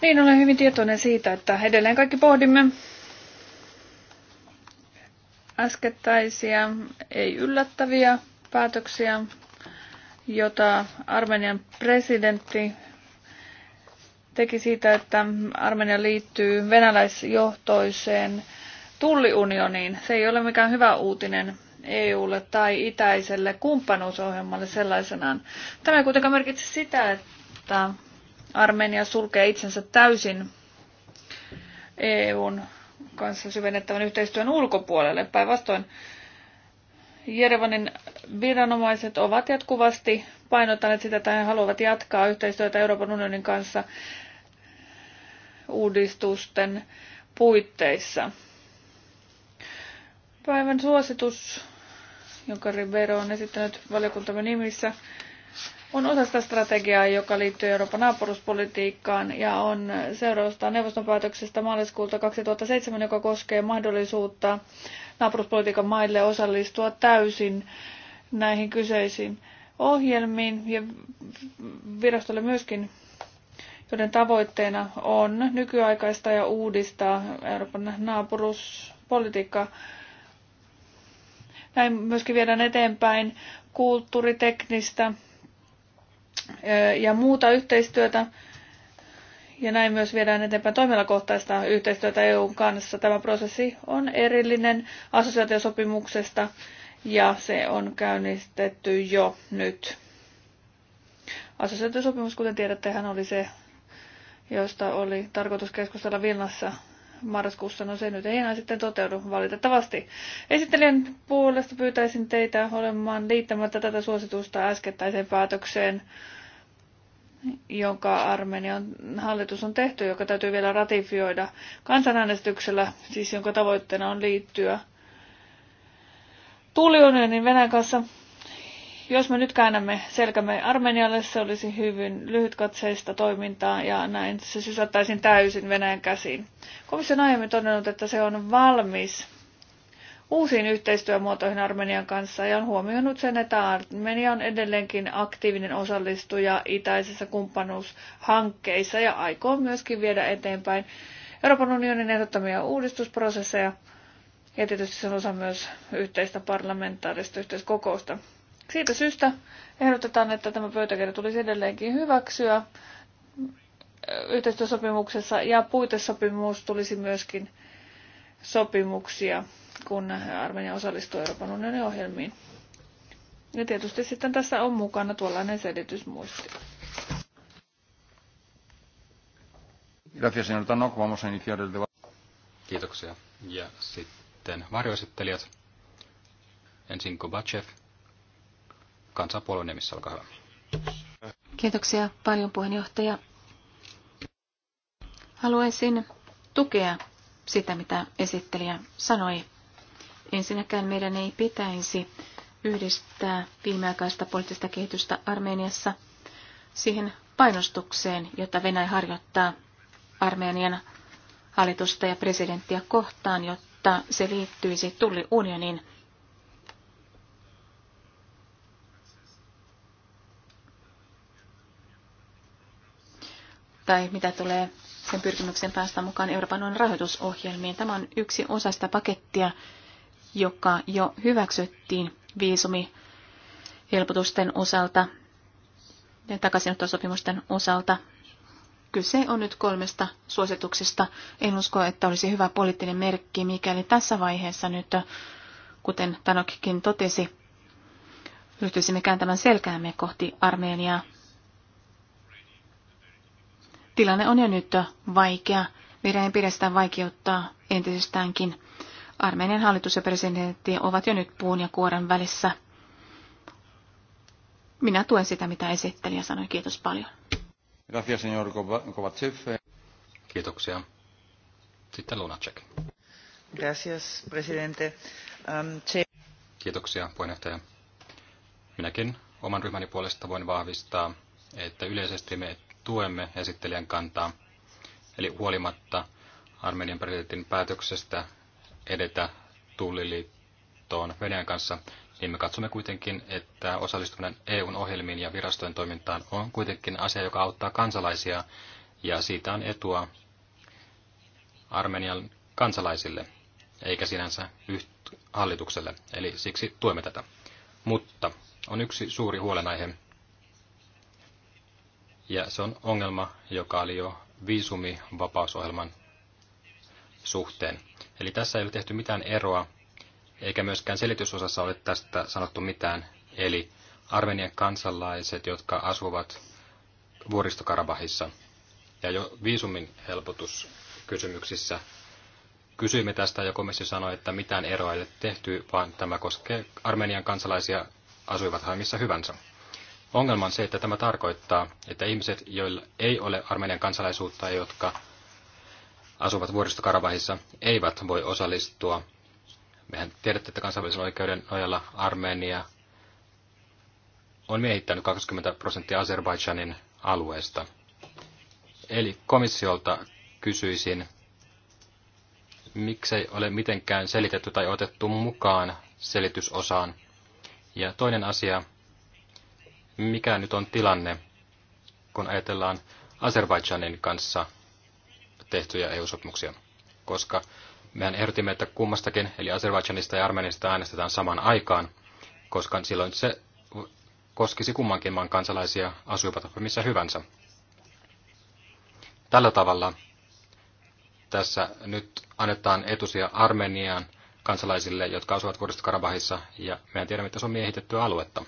Niin, olen hyvin tietoinen siitä, että edelleen kaikki pohdimme äskettäisiä, ei yllättäviä päätöksiä jota Armenian presidentti teki siitä, että Armenia liittyy venäläisjohtoiseen tulliunioniin. Se ei ole mikään hyvä uutinen EUlle tai itäiselle kumppanuusohjelmalle sellaisenaan. Tämä ei kuitenkaan merkitse sitä, että Armenia sulkee itsensä täysin EUn kanssa syvennettävän yhteistyön ulkopuolelle. Päinvastoin Jerevanin viranomaiset ovat jatkuvasti painottaneet sitä, että he haluavat jatkaa yhteistyötä Euroopan unionin kanssa uudistusten puitteissa. Päivän suositus, jonka Rivero on esittänyt valiokuntamme nimissä, on osa sitä strategiaa, joka liittyy Euroopan naapuruspolitiikkaan ja on seurausta neuvoston päätöksestä maaliskuulta 2007, joka koskee mahdollisuutta naapuruspolitiikan maille osallistua täysin näihin kyseisiin ohjelmiin ja virastolle myöskin, joiden tavoitteena on nykyaikaista ja uudistaa Euroopan naapuruspolitiikkaa. Näin myöskin viedään eteenpäin kulttuuriteknistä ja muuta yhteistyötä. Ja näin myös viedään eteenpäin toimialakohtaista yhteistyötä EUn kanssa. Tämä prosessi on erillinen assosiaatiosopimuksesta ja se on käynnistetty jo nyt. Assosiaatiosopimus, kuten tiedätte, hän oli se, josta oli tarkoitus keskustella Vilnassa marraskuussa. No se nyt ei enää sitten toteudu valitettavasti. Esittelijän puolesta pyytäisin teitä olemaan liittämättä tätä suositusta äskettäiseen päätökseen, jonka Armenian hallitus on tehty, joka täytyy vielä ratifioida kansanäänestyksellä, siis jonka tavoitteena on liittyä tuliunionin niin Venäjän kanssa. Jos me nyt käännämme selkämme Armenialle, se olisi hyvin lyhytkatseista toimintaa ja näin se sysättäisiin täysin Venäjän käsiin. Komission aiemmin todennut, että se on valmis uusiin yhteistyömuotoihin Armenian kanssa ja on huomioinut sen, että Armenia on edelleenkin aktiivinen osallistuja itäisissä kumppanuushankkeissa ja aikoo myöskin viedä eteenpäin Euroopan unionin ehdottamia uudistusprosesseja – ja tietysti se on osa myös yhteistä parlamentaarista yhteiskokousta. Siitä syystä ehdotetaan, että tämä pöytäkirja tulisi edelleenkin hyväksyä yhteistyösopimuksessa ja puitesopimus tulisi myöskin sopimuksia, kun Armenia osallistuu Euroopan unionin ohjelmiin. Ja tietysti sitten tässä on mukana tuollainen selitysmuisti. Gracias, señor Tanok. Vamos a iniciar el debate. Kiitoksia. Ja sitten sitten varjoesittelijät. Ensin Kobachev, kansanpuolueen nimissä, olkaa hyvä. Kiitoksia paljon puheenjohtaja. Haluaisin tukea sitä, mitä esittelijä sanoi. Ensinnäkään meidän ei pitäisi yhdistää viimeaikaista poliittista kehitystä Armeniassa siihen painostukseen, jota Venäjä harjoittaa Armenian hallitusta ja presidenttiä kohtaan, jotta jotta se liittyisi tulliunionin. Tai mitä tulee sen pyrkimyksen päästä mukaan Euroopan unionin rahoitusohjelmiin. Tämä on yksi osa sitä pakettia, joka jo hyväksyttiin helpotusten osalta ja takaisinottosopimusten osalta – Kyse on nyt kolmesta suosituksesta. En usko, että olisi hyvä poliittinen merkki, mikäli tässä vaiheessa nyt, kuten Tanokkin totesi, ryhtyisimme kääntämään selkäämme kohti Armeniaa. Tilanne on jo nyt vaikea. Meidän ei pidä sitä vaikeuttaa entisestäänkin. Armenian hallitus ja presidentti ovat jo nyt puun ja kuoren välissä. Minä tuen sitä, mitä esittelijä sanoi. Kiitos paljon señor Kovacev. Kiitoksia. Sitten Lunacek. Gracias, presidente. Um, che... Kiitoksia, puheenjohtaja. Minäkin oman ryhmäni puolesta voin vahvistaa, että yleisesti me tuemme esittelijän kantaa, eli huolimatta Armenian presidentin päätöksestä edetä tulliliittoon Venäjän kanssa, niin me katsomme kuitenkin, että osallistuminen EUn ohjelmiin ja virastojen toimintaan on kuitenkin asia, joka auttaa kansalaisia, ja siitä on etua Armenian kansalaisille, eikä sinänsä yht- hallitukselle, eli siksi tuemme tätä. Mutta on yksi suuri huolenaihe, ja se on ongelma, joka oli jo viisumivapausohjelman suhteen. Eli tässä ei ole tehty mitään eroa eikä myöskään selitysosassa ole tästä sanottu mitään. Eli Armenian kansalaiset, jotka asuvat vuoristokarabahissa. Ja jo viisumin helpotuskysymyksissä kysyimme tästä ja komissio sanoi, että mitään eroa ei ole tehty, vaan tämä koskee Armenian kansalaisia asuivat missä hyvänsä. Ongelma on se, että tämä tarkoittaa, että ihmiset, joilla ei ole Armenian kansalaisuutta ja jotka asuvat vuoristokarabahissa, eivät voi osallistua Mehän tiedätte, että kansainvälisen oikeuden nojalla Armenia on miehittänyt 20 prosenttia Azerbaidžanin alueesta. Eli komissiolta kysyisin, miksei ole mitenkään selitetty tai otettu mukaan selitysosaan. Ja toinen asia, mikä nyt on tilanne, kun ajatellaan Azerbaidžanin kanssa tehtyjä EU-sopimuksia, koska Mehän ehdotimme, että kummastakin, eli Azerbaidžanista ja Armenista äänestetään saman aikaan, koska silloin se koskisi kummankin maan kansalaisia asuivat missä hyvänsä. Tällä tavalla tässä nyt annetaan etusia Armeniaan kansalaisille, jotka asuvat vuodesta karabahissa ja meidän tiedämme, että se on miehitettyä aluetta.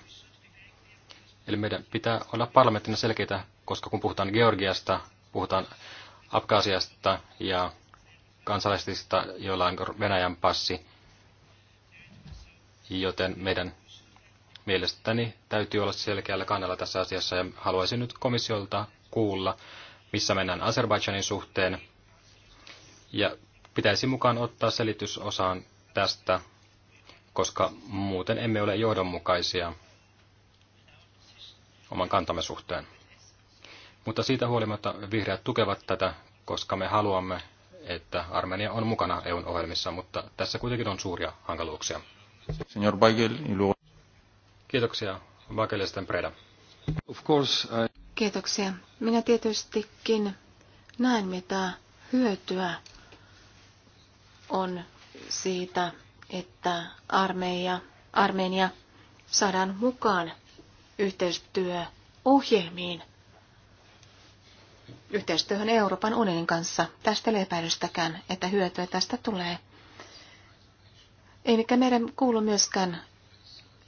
Eli meidän pitää olla parlamenttina selkeitä, koska kun puhutaan Georgiasta, puhutaan Abkaasiasta ja kansalaisista, joilla on Venäjän passi, joten meidän mielestäni täytyy olla selkeällä kannalla tässä asiassa ja haluaisin nyt komissiolta kuulla, missä mennään Azerbaidžanin suhteen ja pitäisi mukaan ottaa selitysosaan tästä, koska muuten emme ole johdonmukaisia oman kantamme suhteen. Mutta siitä huolimatta vihreät tukevat tätä, koska me haluamme että Armenia on mukana EUn ohjelmissa, mutta tässä kuitenkin on suuria hankaluuksia. Senor Bagel, Kiitoksia. Bagel ja Preda. Of course, I... Kiitoksia. Minä tietystikin näen, mitä hyötyä on siitä, että armeija, Armenia saadaan mukaan yhteistyöohjelmiin – yhteistyöhön Euroopan unionin kanssa. Tästä ei epäilystäkään, että hyötyä tästä tulee. Eikä meidän kuulu myöskään,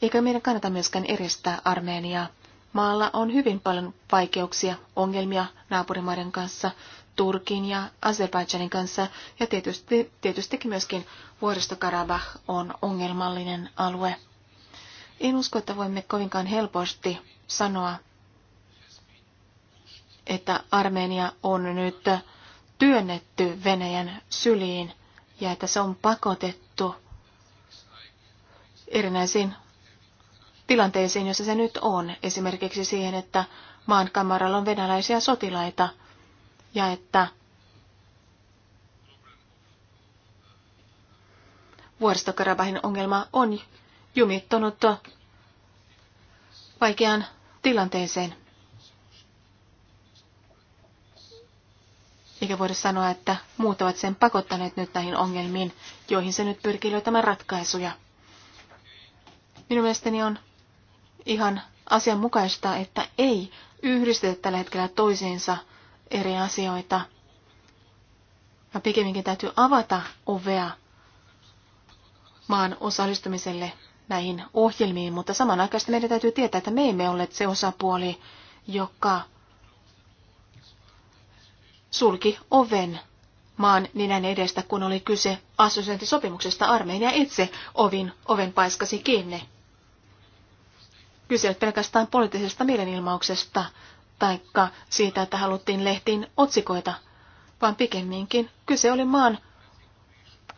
eikä meidän kannata myöskään eristää Armeniaa. Maalla on hyvin paljon vaikeuksia, ongelmia naapurimaiden kanssa, Turkin ja Azerbaidžanin kanssa ja tietysti, tietystikin myöskin vuoristokarabah on ongelmallinen alue. En usko, että voimme kovinkaan helposti sanoa, että Armenia on nyt työnnetty Venäjän syliin ja että se on pakotettu erinäisiin tilanteisiin, jossa se nyt on. Esimerkiksi siihen, että maan kamaralla on venäläisiä sotilaita ja että vuoristokarabahin ongelma on jumittunut vaikeaan tilanteeseen. eikä voida sanoa, että muut ovat sen pakottaneet nyt näihin ongelmiin, joihin se nyt pyrkii löytämään ratkaisuja. Minun mielestäni on ihan asianmukaista, että ei yhdistetä tällä hetkellä toisiinsa eri asioita, ja pikemminkin täytyy avata ovea maan osallistumiselle näihin ohjelmiin, mutta samanaikaisesti meidän täytyy tietää, että me emme ole se osapuoli, joka sulki oven maan ninän edestä, kun oli kyse assosiointisopimuksesta. Armeenia itse ovin, oven paiskasi kiinni. Kyse pelkästään poliittisesta mielenilmauksesta tai siitä, että haluttiin lehtiin otsikoita, vaan pikemminkin kyse oli maan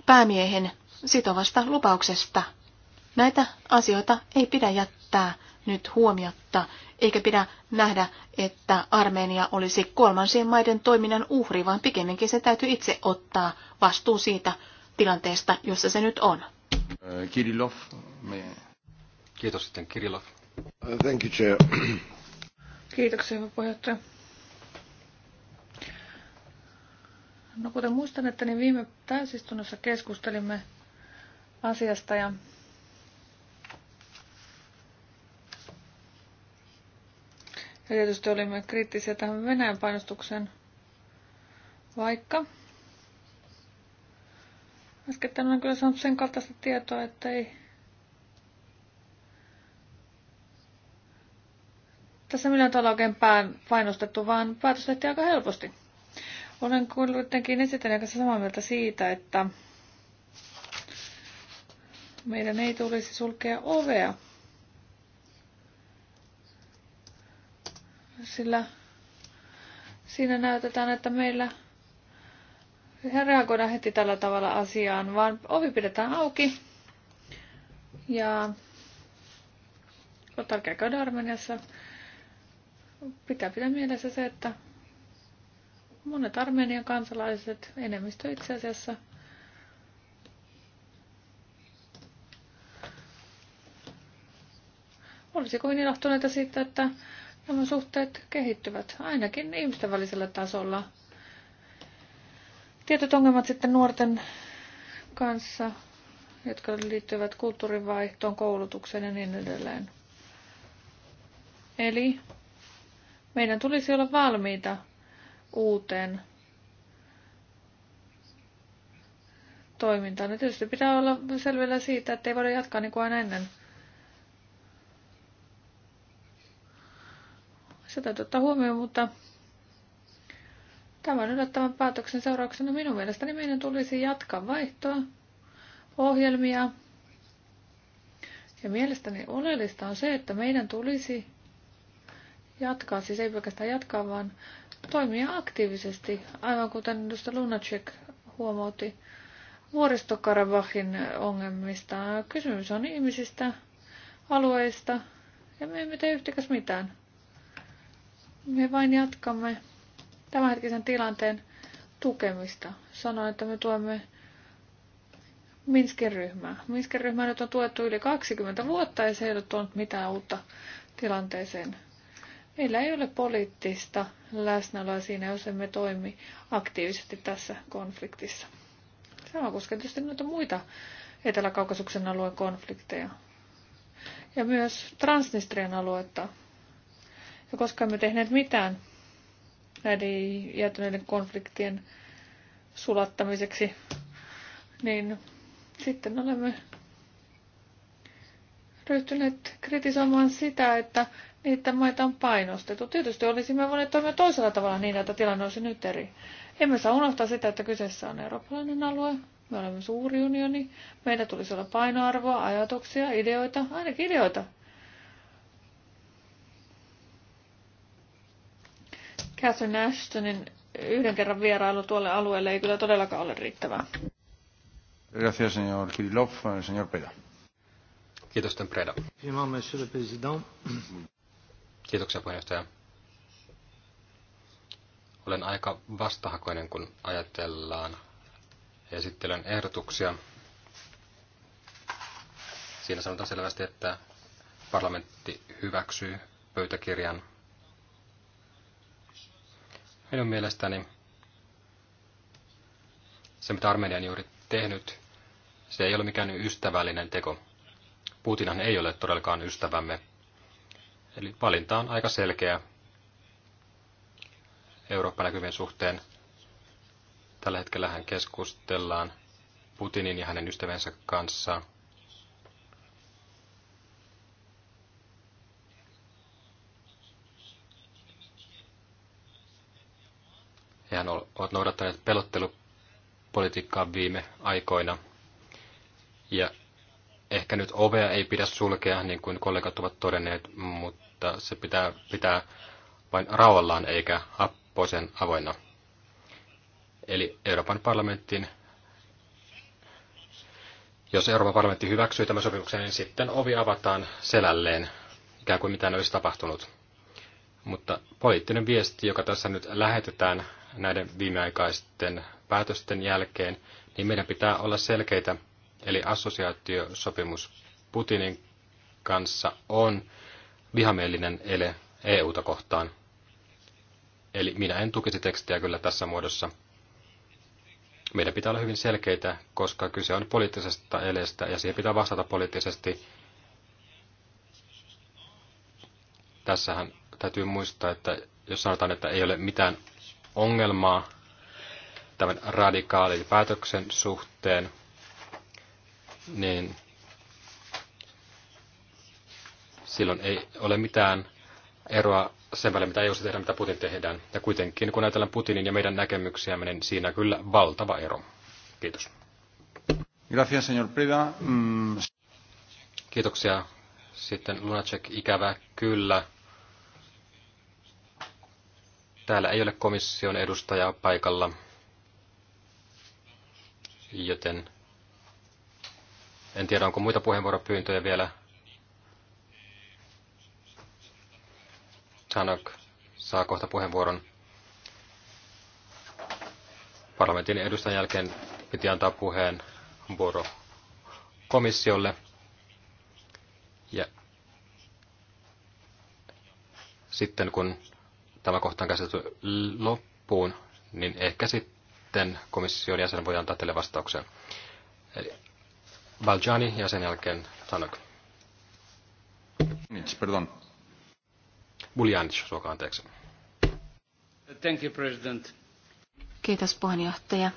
päämiehen sitovasta lupauksesta. Näitä asioita ei pidä jättää nyt huomiotta, eikä pidä nähdä, että Armenia olisi kolmansien maiden toiminnan uhri, vaan pikemminkin se täytyy itse ottaa vastuu siitä tilanteesta, jossa se nyt on. Kirillov. Kiitos sitten Kirillov. Thank you, Chair. Kiitoksia, hyvä puheenjohtaja. No kuten muistan, että niin viime täysistunnossa keskustelimme asiasta ja Ja tietysti olimme kriittisiä tähän Venäjän painostukseen, vaikka äskettäin olen kyllä saanut sen kaltaista tietoa, että ei tässä millään tavalla oikein pään painostettu, vaan päätös tehtiin aika helposti. Olen kuitenkin esittelijän kanssa samaa mieltä siitä, että meidän ei tulisi sulkea ovea sillä siinä näytetään, että meillä reagoida heti tällä tavalla asiaan, vaan ovi pidetään auki ja on tärkeää käydä Armeniassa. Pitää pitää mielessä se, että monet Armenian kansalaiset, enemmistö itse asiassa, olisi kovin ilahtuneita siitä, että nämä suhteet kehittyvät, ainakin ihmisten välisellä tasolla. Tietyt ongelmat sitten nuorten kanssa, jotka liittyvät kulttuurivaihtoon, koulutukseen ja niin edelleen. Eli meidän tulisi olla valmiita uuteen toimintaan. Ja tietysti pitää olla selvillä siitä, että ei voida jatkaa niin kuin aina ennen. Se täytyy ottaa huomioon, mutta tämän yllättävän päätöksen seurauksena minun mielestäni meidän tulisi jatkaa vaihtoa, ohjelmia. Ja mielestäni oleellista on se, että meidän tulisi jatkaa, siis ei pelkästään jatkaa, vaan toimia aktiivisesti, aivan kuten edustaja Lunacek huomautti vuoristokarabahin ongelmista. Kysymys on ihmisistä, alueista, ja me emme tee yhtäkäs mitään. Me vain jatkamme tämänhetkisen tilanteen tukemista. Sanoin, että me tuemme Minskin ryhmää. Minskin ryhmää nyt on tuettu yli 20 vuotta ja se ei ole tuonut mitään uutta tilanteeseen. Meillä ei ole poliittista läsnäoloa siinä, jos emme toimi aktiivisesti tässä konfliktissa. Sama koskee tietysti noita muita Etelä-Kaukasuksen alueen konflikteja. Ja myös Transnistrian aluetta, ja koska emme tehneet mitään näiden jäätyneiden konfliktien sulattamiseksi, niin sitten olemme ryhtyneet kritisoimaan sitä, että niitä maita on painostettu. Tietysti olisimme voineet toimia toisella tavalla niin, että tilanne olisi nyt eri. Emme saa unohtaa sitä, että kyseessä on eurooppalainen alue. Me olemme suuri unioni. Meillä tulisi olla painoarvoa, ajatuksia, ideoita, ainakin ideoita. Catherine Ashtonin yhden kerran vierailu tuolle alueelle ei kyllä todellakaan ole riittävää. Gracias, señor Kirillov. Señor Preda. Kiitos, Ten Preda. Kiitoksia, puheenjohtaja. Olen aika vastahakoinen, kun ajatellaan esittelen ehdotuksia. Siinä sanotaan selvästi, että parlamentti hyväksyy pöytäkirjan Minun mielestäni se, mitä Armenia on juuri tehnyt, se ei ole mikään ystävällinen teko. Putinhan ei ole todellakaan ystävämme. Eli valinta on aika selkeä Eurooppa-näkyvien suhteen. Tällä hetkellä hän keskustellaan Putinin ja hänen ystävänsä kanssa Hehän ovat noudattaneet pelottelupolitiikkaa viime aikoina. Ja ehkä nyt ovea ei pidä sulkea, niin kuin kollegat ovat todenneet, mutta se pitää pitää vain rauhallaan eikä happoisen avoinna. Eli Euroopan parlamentin, jos Euroopan parlamentti hyväksyy tämän sopimuksen, niin sitten ovi avataan selälleen, ikään kuin mitään olisi tapahtunut. Mutta poliittinen viesti, joka tässä nyt lähetetään näiden viimeaikaisten päätösten jälkeen, niin meidän pitää olla selkeitä. Eli assosiaatiosopimus Putinin kanssa on vihamielinen ele EUta kohtaan. Eli minä en tukisi tekstiä kyllä tässä muodossa. Meidän pitää olla hyvin selkeitä, koska kyse on poliittisesta eleestä ja siihen pitää vastata poliittisesti. Tässähän täytyy muistaa, että jos sanotaan, että ei ole mitään ongelmaa tämän radikaalin päätöksen suhteen, niin silloin ei ole mitään eroa sen välillä, mitä eu tehdään, mitä Putin tehdään. Ja kuitenkin, kun ajatellaan Putinin ja meidän näkemyksiämme, niin siinä kyllä valtava ero. Kiitos. Gracias, señor Preda. Mm. Kiitoksia. Sitten Lunacek, ikävä kyllä. Täällä ei ole komission edustajaa paikalla, joten en tiedä, onko muita puheenvuoropyyntöjä vielä. Tanok saa kohta puheenvuoron. Parlamentin edustajan jälkeen piti antaa puheen vuoro komissiolle. Ja sitten kun tämä kohta on käsitelty loppuun, niin ehkä sitten komission jäsen voi antaa teille vastauksen. Eli Valjani ja sen jälkeen Tanok. Pardon. Buljanic, suokaa anteeksi. Thank you, President. Kiitos puheenjohtaja.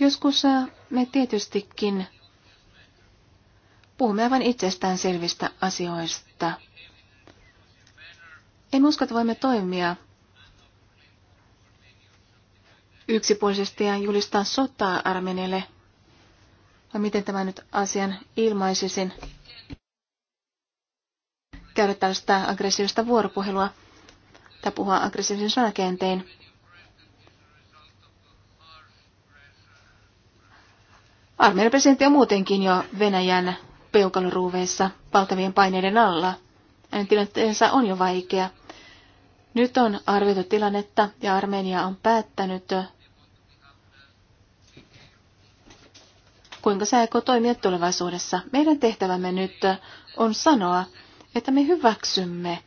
Joskus äh, me tietystikin puhumme aivan itsestäänselvistä asioista. En usko, että voimme toimia yksipuolisesti ja julistaa sotaa Armenille. Vai no, miten tämä nyt asian ilmaisisin? Käydä tällaista aggressiivista vuoropuhelua tai puhua aggressiivisen sanakenteen? Armeijan presidentti on muutenkin jo Venäjän peukaloruuveissa valtavien paineiden alla. Hänen tilanteensa on jo vaikea. Nyt on arvioitu tilannetta ja Armenia on päättänyt, kuinka se aikoo toimia tulevaisuudessa. Meidän tehtävämme nyt on sanoa, että me hyväksymme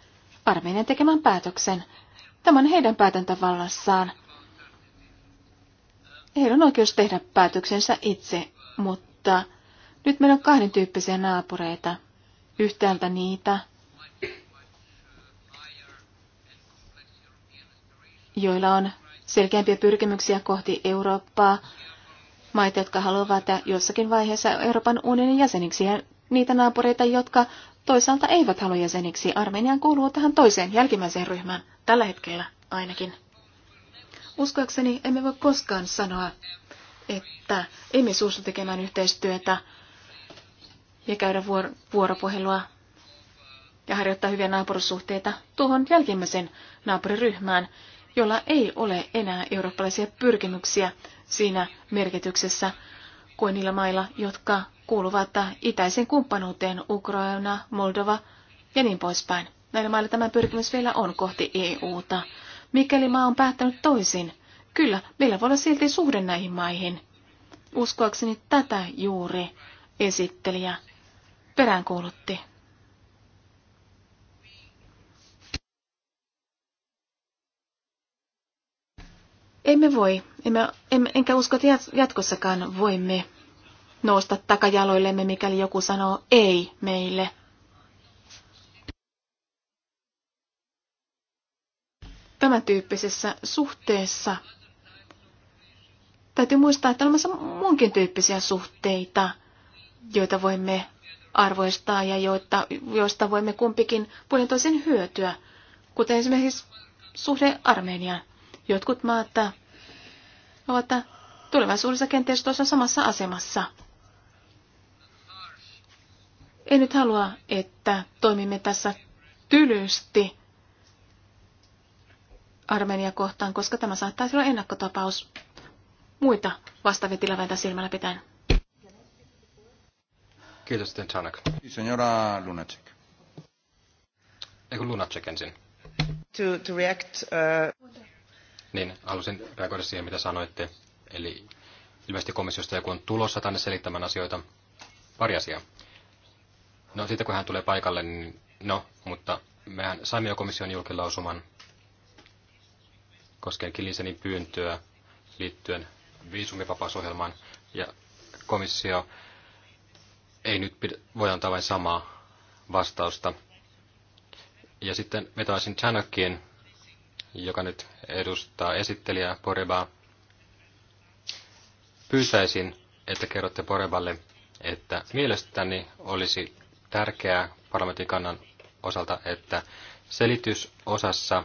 Armenian tekemän päätöksen. Tämä on heidän päätäntävallassaan. Heillä on oikeus tehdä päätöksensä itse, mutta nyt meillä on kahden tyyppisiä naapureita. Yhtäältä niitä, joilla on selkeämpiä pyrkimyksiä kohti Eurooppaa, maita, jotka haluavat jossakin vaiheessa Euroopan unionin jäseniksi ja niitä naapureita, jotka toisaalta eivät halua jäseniksi. Armenian kuuluu tähän toiseen jälkimmäiseen ryhmään, tällä hetkellä ainakin. Uskoakseni emme voi koskaan sanoa, että emme suostu tekemään yhteistyötä ja käydä vuor- vuoropuhelua ja harjoittaa hyviä naapurussuhteita tuohon jälkimmäisen naapuriryhmään, jolla ei ole enää eurooppalaisia pyrkimyksiä siinä merkityksessä kuin niillä mailla, jotka kuuluvat itäisen kumppanuuteen Ukraina, Moldova ja niin poispäin. Näillä mailla tämä pyrkimys vielä on kohti EUta. Mikäli maa on päättänyt toisin, kyllä, meillä voi olla silti suhde näihin maihin. Uskoakseni tätä juuri esittelijä peräänkuulutti. Emme voi, emme, emme, enkä usko, että jatkossakaan voimme nousta takajaloillemme, mikäli joku sanoo ei meille. Tämän tyyppisessä suhteessa täytyy muistaa, että on olemassa muunkin tyyppisiä suhteita, joita voimme arvoistaa ja joita, joista voimme kumpikin puolen toisen hyötyä, kuten esimerkiksi suhde Armeniaan. Jotkut maat äh, ovat äh, tulevaisuudessa kenties tuossa samassa asemassa. En nyt halua, että toimimme tässä tylysti Armenia kohtaan, koska tämä saattaisi olla ennakkotapaus muita vastavetiläväitä silmällä pitäen. Kiitos, sitten Tanak. Senora Lunacek. Eikö Lunacek ensin? To, to react, uh niin halusin reagoida siihen, mitä sanoitte. Eli ilmeisesti komissiosta joku on tulossa tänne selittämään asioita. Pari asiaa. No sitten kun hän tulee paikalle, niin no, mutta mehän saimme jo komission julkilausuman koskien Kilisenin pyyntöä liittyen viisumivapausohjelmaan. Ja komissio ei nyt pidä, voi antaa vain samaa vastausta. Ja sitten vetäisin Chanakkiin joka nyt edustaa esittelijää Porebaa. Pyytäisin, että kerrotte Poreballe, että mielestäni olisi tärkeää parlamentin kannan osalta, että selitysosassa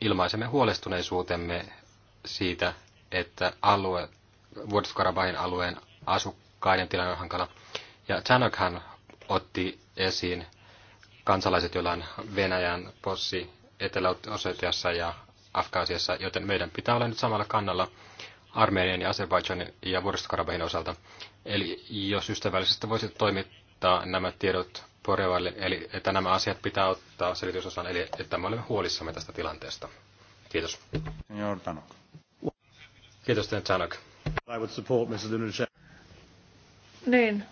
ilmaisemme huolestuneisuutemme siitä, että alue, Vuodeskarabahin alueen asukkaiden tilanne on hankala. Ja Chanokhan otti esiin kansalaiset, joilla on Venäjän possi Etelä-Osetiassa ja Afgaasiassa, joten meidän pitää olla nyt samalla kannalla Armeenian ja Azerbaijanin ja Vuoristokarabahin osalta. Eli jos ystävällisesti voisit toimittaa nämä tiedot Porevalle, eli että nämä asiat pitää ottaa selitysosan, eli että me olemme huolissamme tästä tilanteesta. Kiitos. Kiitos, Tanok. I would support Niin,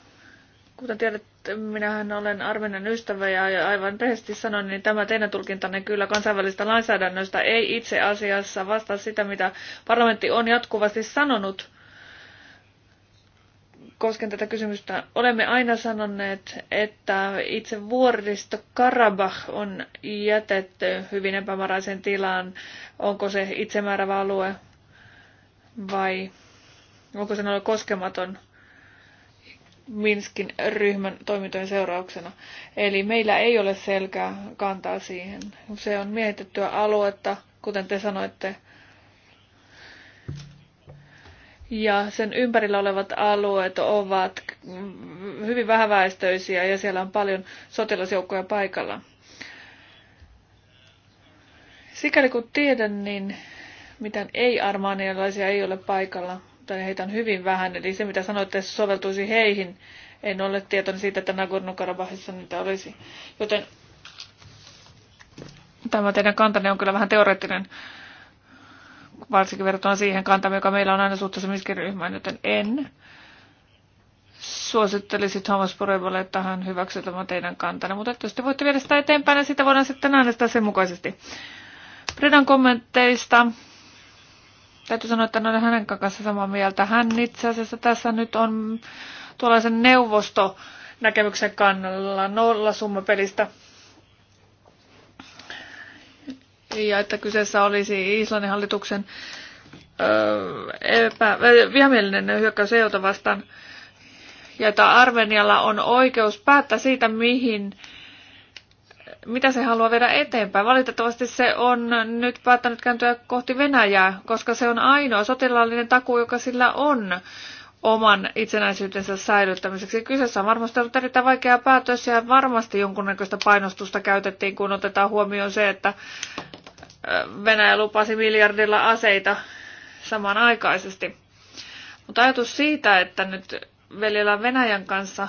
Kuten tiedät, minähän olen Armenian ystävä ja aivan rehellisesti sanoin, niin tämä teidän tulkintanne kyllä kansainvälistä lainsäädännöstä ei itse asiassa vastaa sitä, mitä parlamentti on jatkuvasti sanonut koskien tätä kysymystä. Olemme aina sanoneet, että itse vuoristo Karabakh on jätetty hyvin epämääräisen tilaan. Onko se itsemäärävä alue vai onko se ollut koskematon? Minskin ryhmän toimintojen seurauksena. Eli meillä ei ole selkää kantaa siihen. Se on miehitettyä aluetta, kuten te sanoitte. Ja sen ympärillä olevat alueet ovat hyvin vähäväestöisiä ja siellä on paljon sotilasjoukkoja paikalla. Sikäli kun tiedän, niin mitään ei-armaanialaisia ei ole paikalla tai heitä on hyvin vähän, eli se mitä sanoitte, se soveltuisi heihin. En ole tietoinen siitä, että Nagorno-Karabahissa niitä olisi. Joten tämä teidän kantanne on kyllä vähän teoreettinen, varsinkin verrattuna siihen kantaan, joka meillä on aina suhteessa miskiryhmään, joten en suosittelisi Thomas Porevalle, että hän hyväksyy tämän teidän kantanne, mutta tietysti voitte viedä sitä eteenpäin niin sitä voidaan sitten äänestää sen mukaisesti. Predan kommentteista Täytyy sanoa, että olen hänen kanssa samaa mieltä. Hän itse asiassa tässä nyt on tuollaisen neuvosto näkemyksen kannalla nollasummapelistä. Ja että kyseessä olisi Islannin hallituksen vihamielinen hyökkäys EUta vastaan. Ja että Armenialla on oikeus päättää siitä, mihin mitä se haluaa viedä eteenpäin. Valitettavasti se on nyt päättänyt kääntyä kohti Venäjää, koska se on ainoa sotilaallinen takuu, joka sillä on oman itsenäisyytensä säilyttämiseksi. Kyseessä on varmasti ollut erittäin vaikea päätös ja varmasti jonkunnäköistä painostusta käytettiin, kun otetaan huomioon se, että Venäjä lupasi miljardilla aseita samanaikaisesti. Mutta ajatus siitä, että nyt veljellä Venäjän kanssa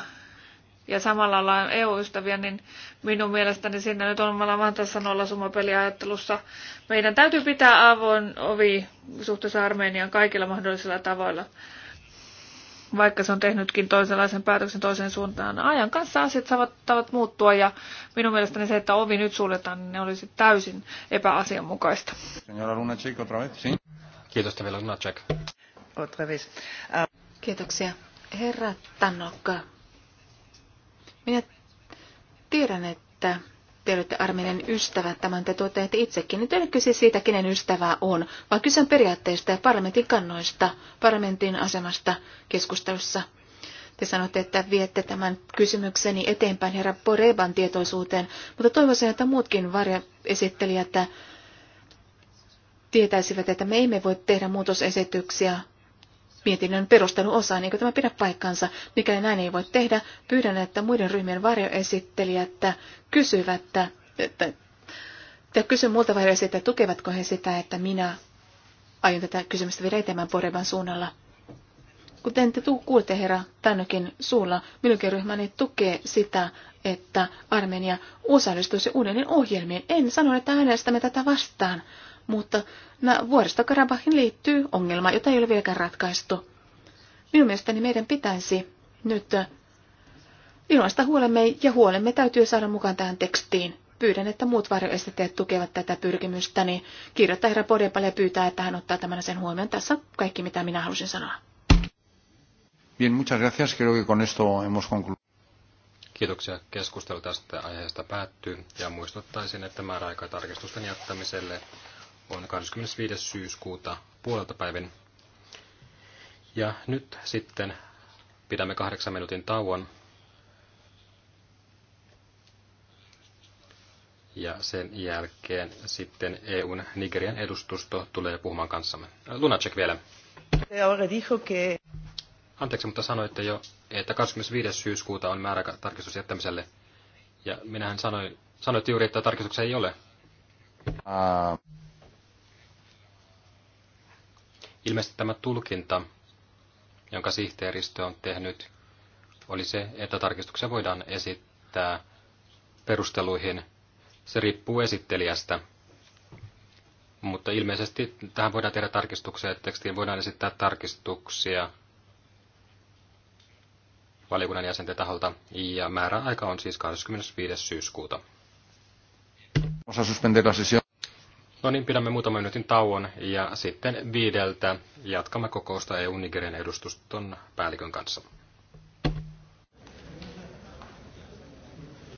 ja samalla ollaan EU-ystäviä, niin minun mielestäni siinä nyt on vaan tässä nollasumapeliajattelussa. Meidän täytyy pitää avoin ovi suhteessa Armeniaan kaikilla mahdollisilla tavoilla, vaikka se on tehnytkin toisenlaisen päätöksen toiseen suuntaan. Ajan kanssa asiat saavat muuttua ja minun mielestäni se, että ovi nyt suljetaan, niin ne olisi täysin epäasianmukaista. Kiitos teille, Lunacek. Kiitoksia. Herra Tanokka, minä tiedän, että te olette armeinen ystävä, tämän te toteatte itsekin. Nyt en ole kyse siitä, kenen ystävää on, vaan kyse on periaatteista ja parlamentin kannoista, parlamentin asemasta keskustelussa. Te sanotte, että viette tämän kysymykseni eteenpäin herra Poreban tietoisuuteen, mutta toivoisin, että muutkin varjaesittelijät tietäisivät, että me emme voi tehdä muutosesityksiä mietinnön niin kuin tämä pidä paikkansa? Mikäli näin ei voi tehdä, pyydän, että muiden ryhmien varjoesittelijät kysyvät, että, että kysyn muilta varjoesittäjät, tukevatko he sitä, että minä aion tätä kysymystä viedä eteenpäin Poreban suunnalla. Kuten te kuulitte, herra Tännekin suulla, minunkin ryhmäni tukee sitä, että Armenia osallistuisi unionin ohjelmiin. En sano, että äänestämme tätä vastaan, mutta vuoristo Karabahin liittyy ongelma, jota ei ole vieläkään ratkaistu. Minun mielestäni meidän pitäisi nyt äh, ilmaista huolemme ja huolemme täytyy saada mukaan tähän tekstiin. Pyydän, että muut varjoesteteet tukevat tätä pyrkimystä, niin kirjoittaa herra Podepalle ja pyytää, että hän ottaa tämän sen huomioon. Tässä on kaikki, mitä minä halusin sanoa. Bien, muchas gracias. Creo que con esto hemos concluido. Kiitoksia. Keskustelu tästä aiheesta päättyy ja muistuttaisin, että määräaika tarkistusten jättämiselle on 25. syyskuuta puolelta päivin. Ja nyt sitten pidämme kahdeksan minuutin tauon. Ja sen jälkeen sitten EUn Nigerian edustusto tulee puhumaan kanssamme. Lunacek vielä. Anteeksi, mutta sanoitte jo, että 25. syyskuuta on määrä tarkistus jättämiselle. Ja minähän sanoin, sanoit juuri, että tarkistuksia ei ole. Uh. Ilmeisesti tämä tulkinta, jonka sihteeristö on tehnyt, oli se, että tarkistuksia voidaan esittää perusteluihin. Se riippuu esittelijästä. Mutta ilmeisesti tähän voidaan tehdä tarkistuksia, että tekstiin voidaan esittää tarkistuksia valiokunnan jäsenten taholta, ja määräaika on siis 25. syyskuuta. Osa No niin, pidämme muutaman minuutin tauon ja sitten viideltä jatkamme kokousta eu nigerian edustuston päällikön kanssa.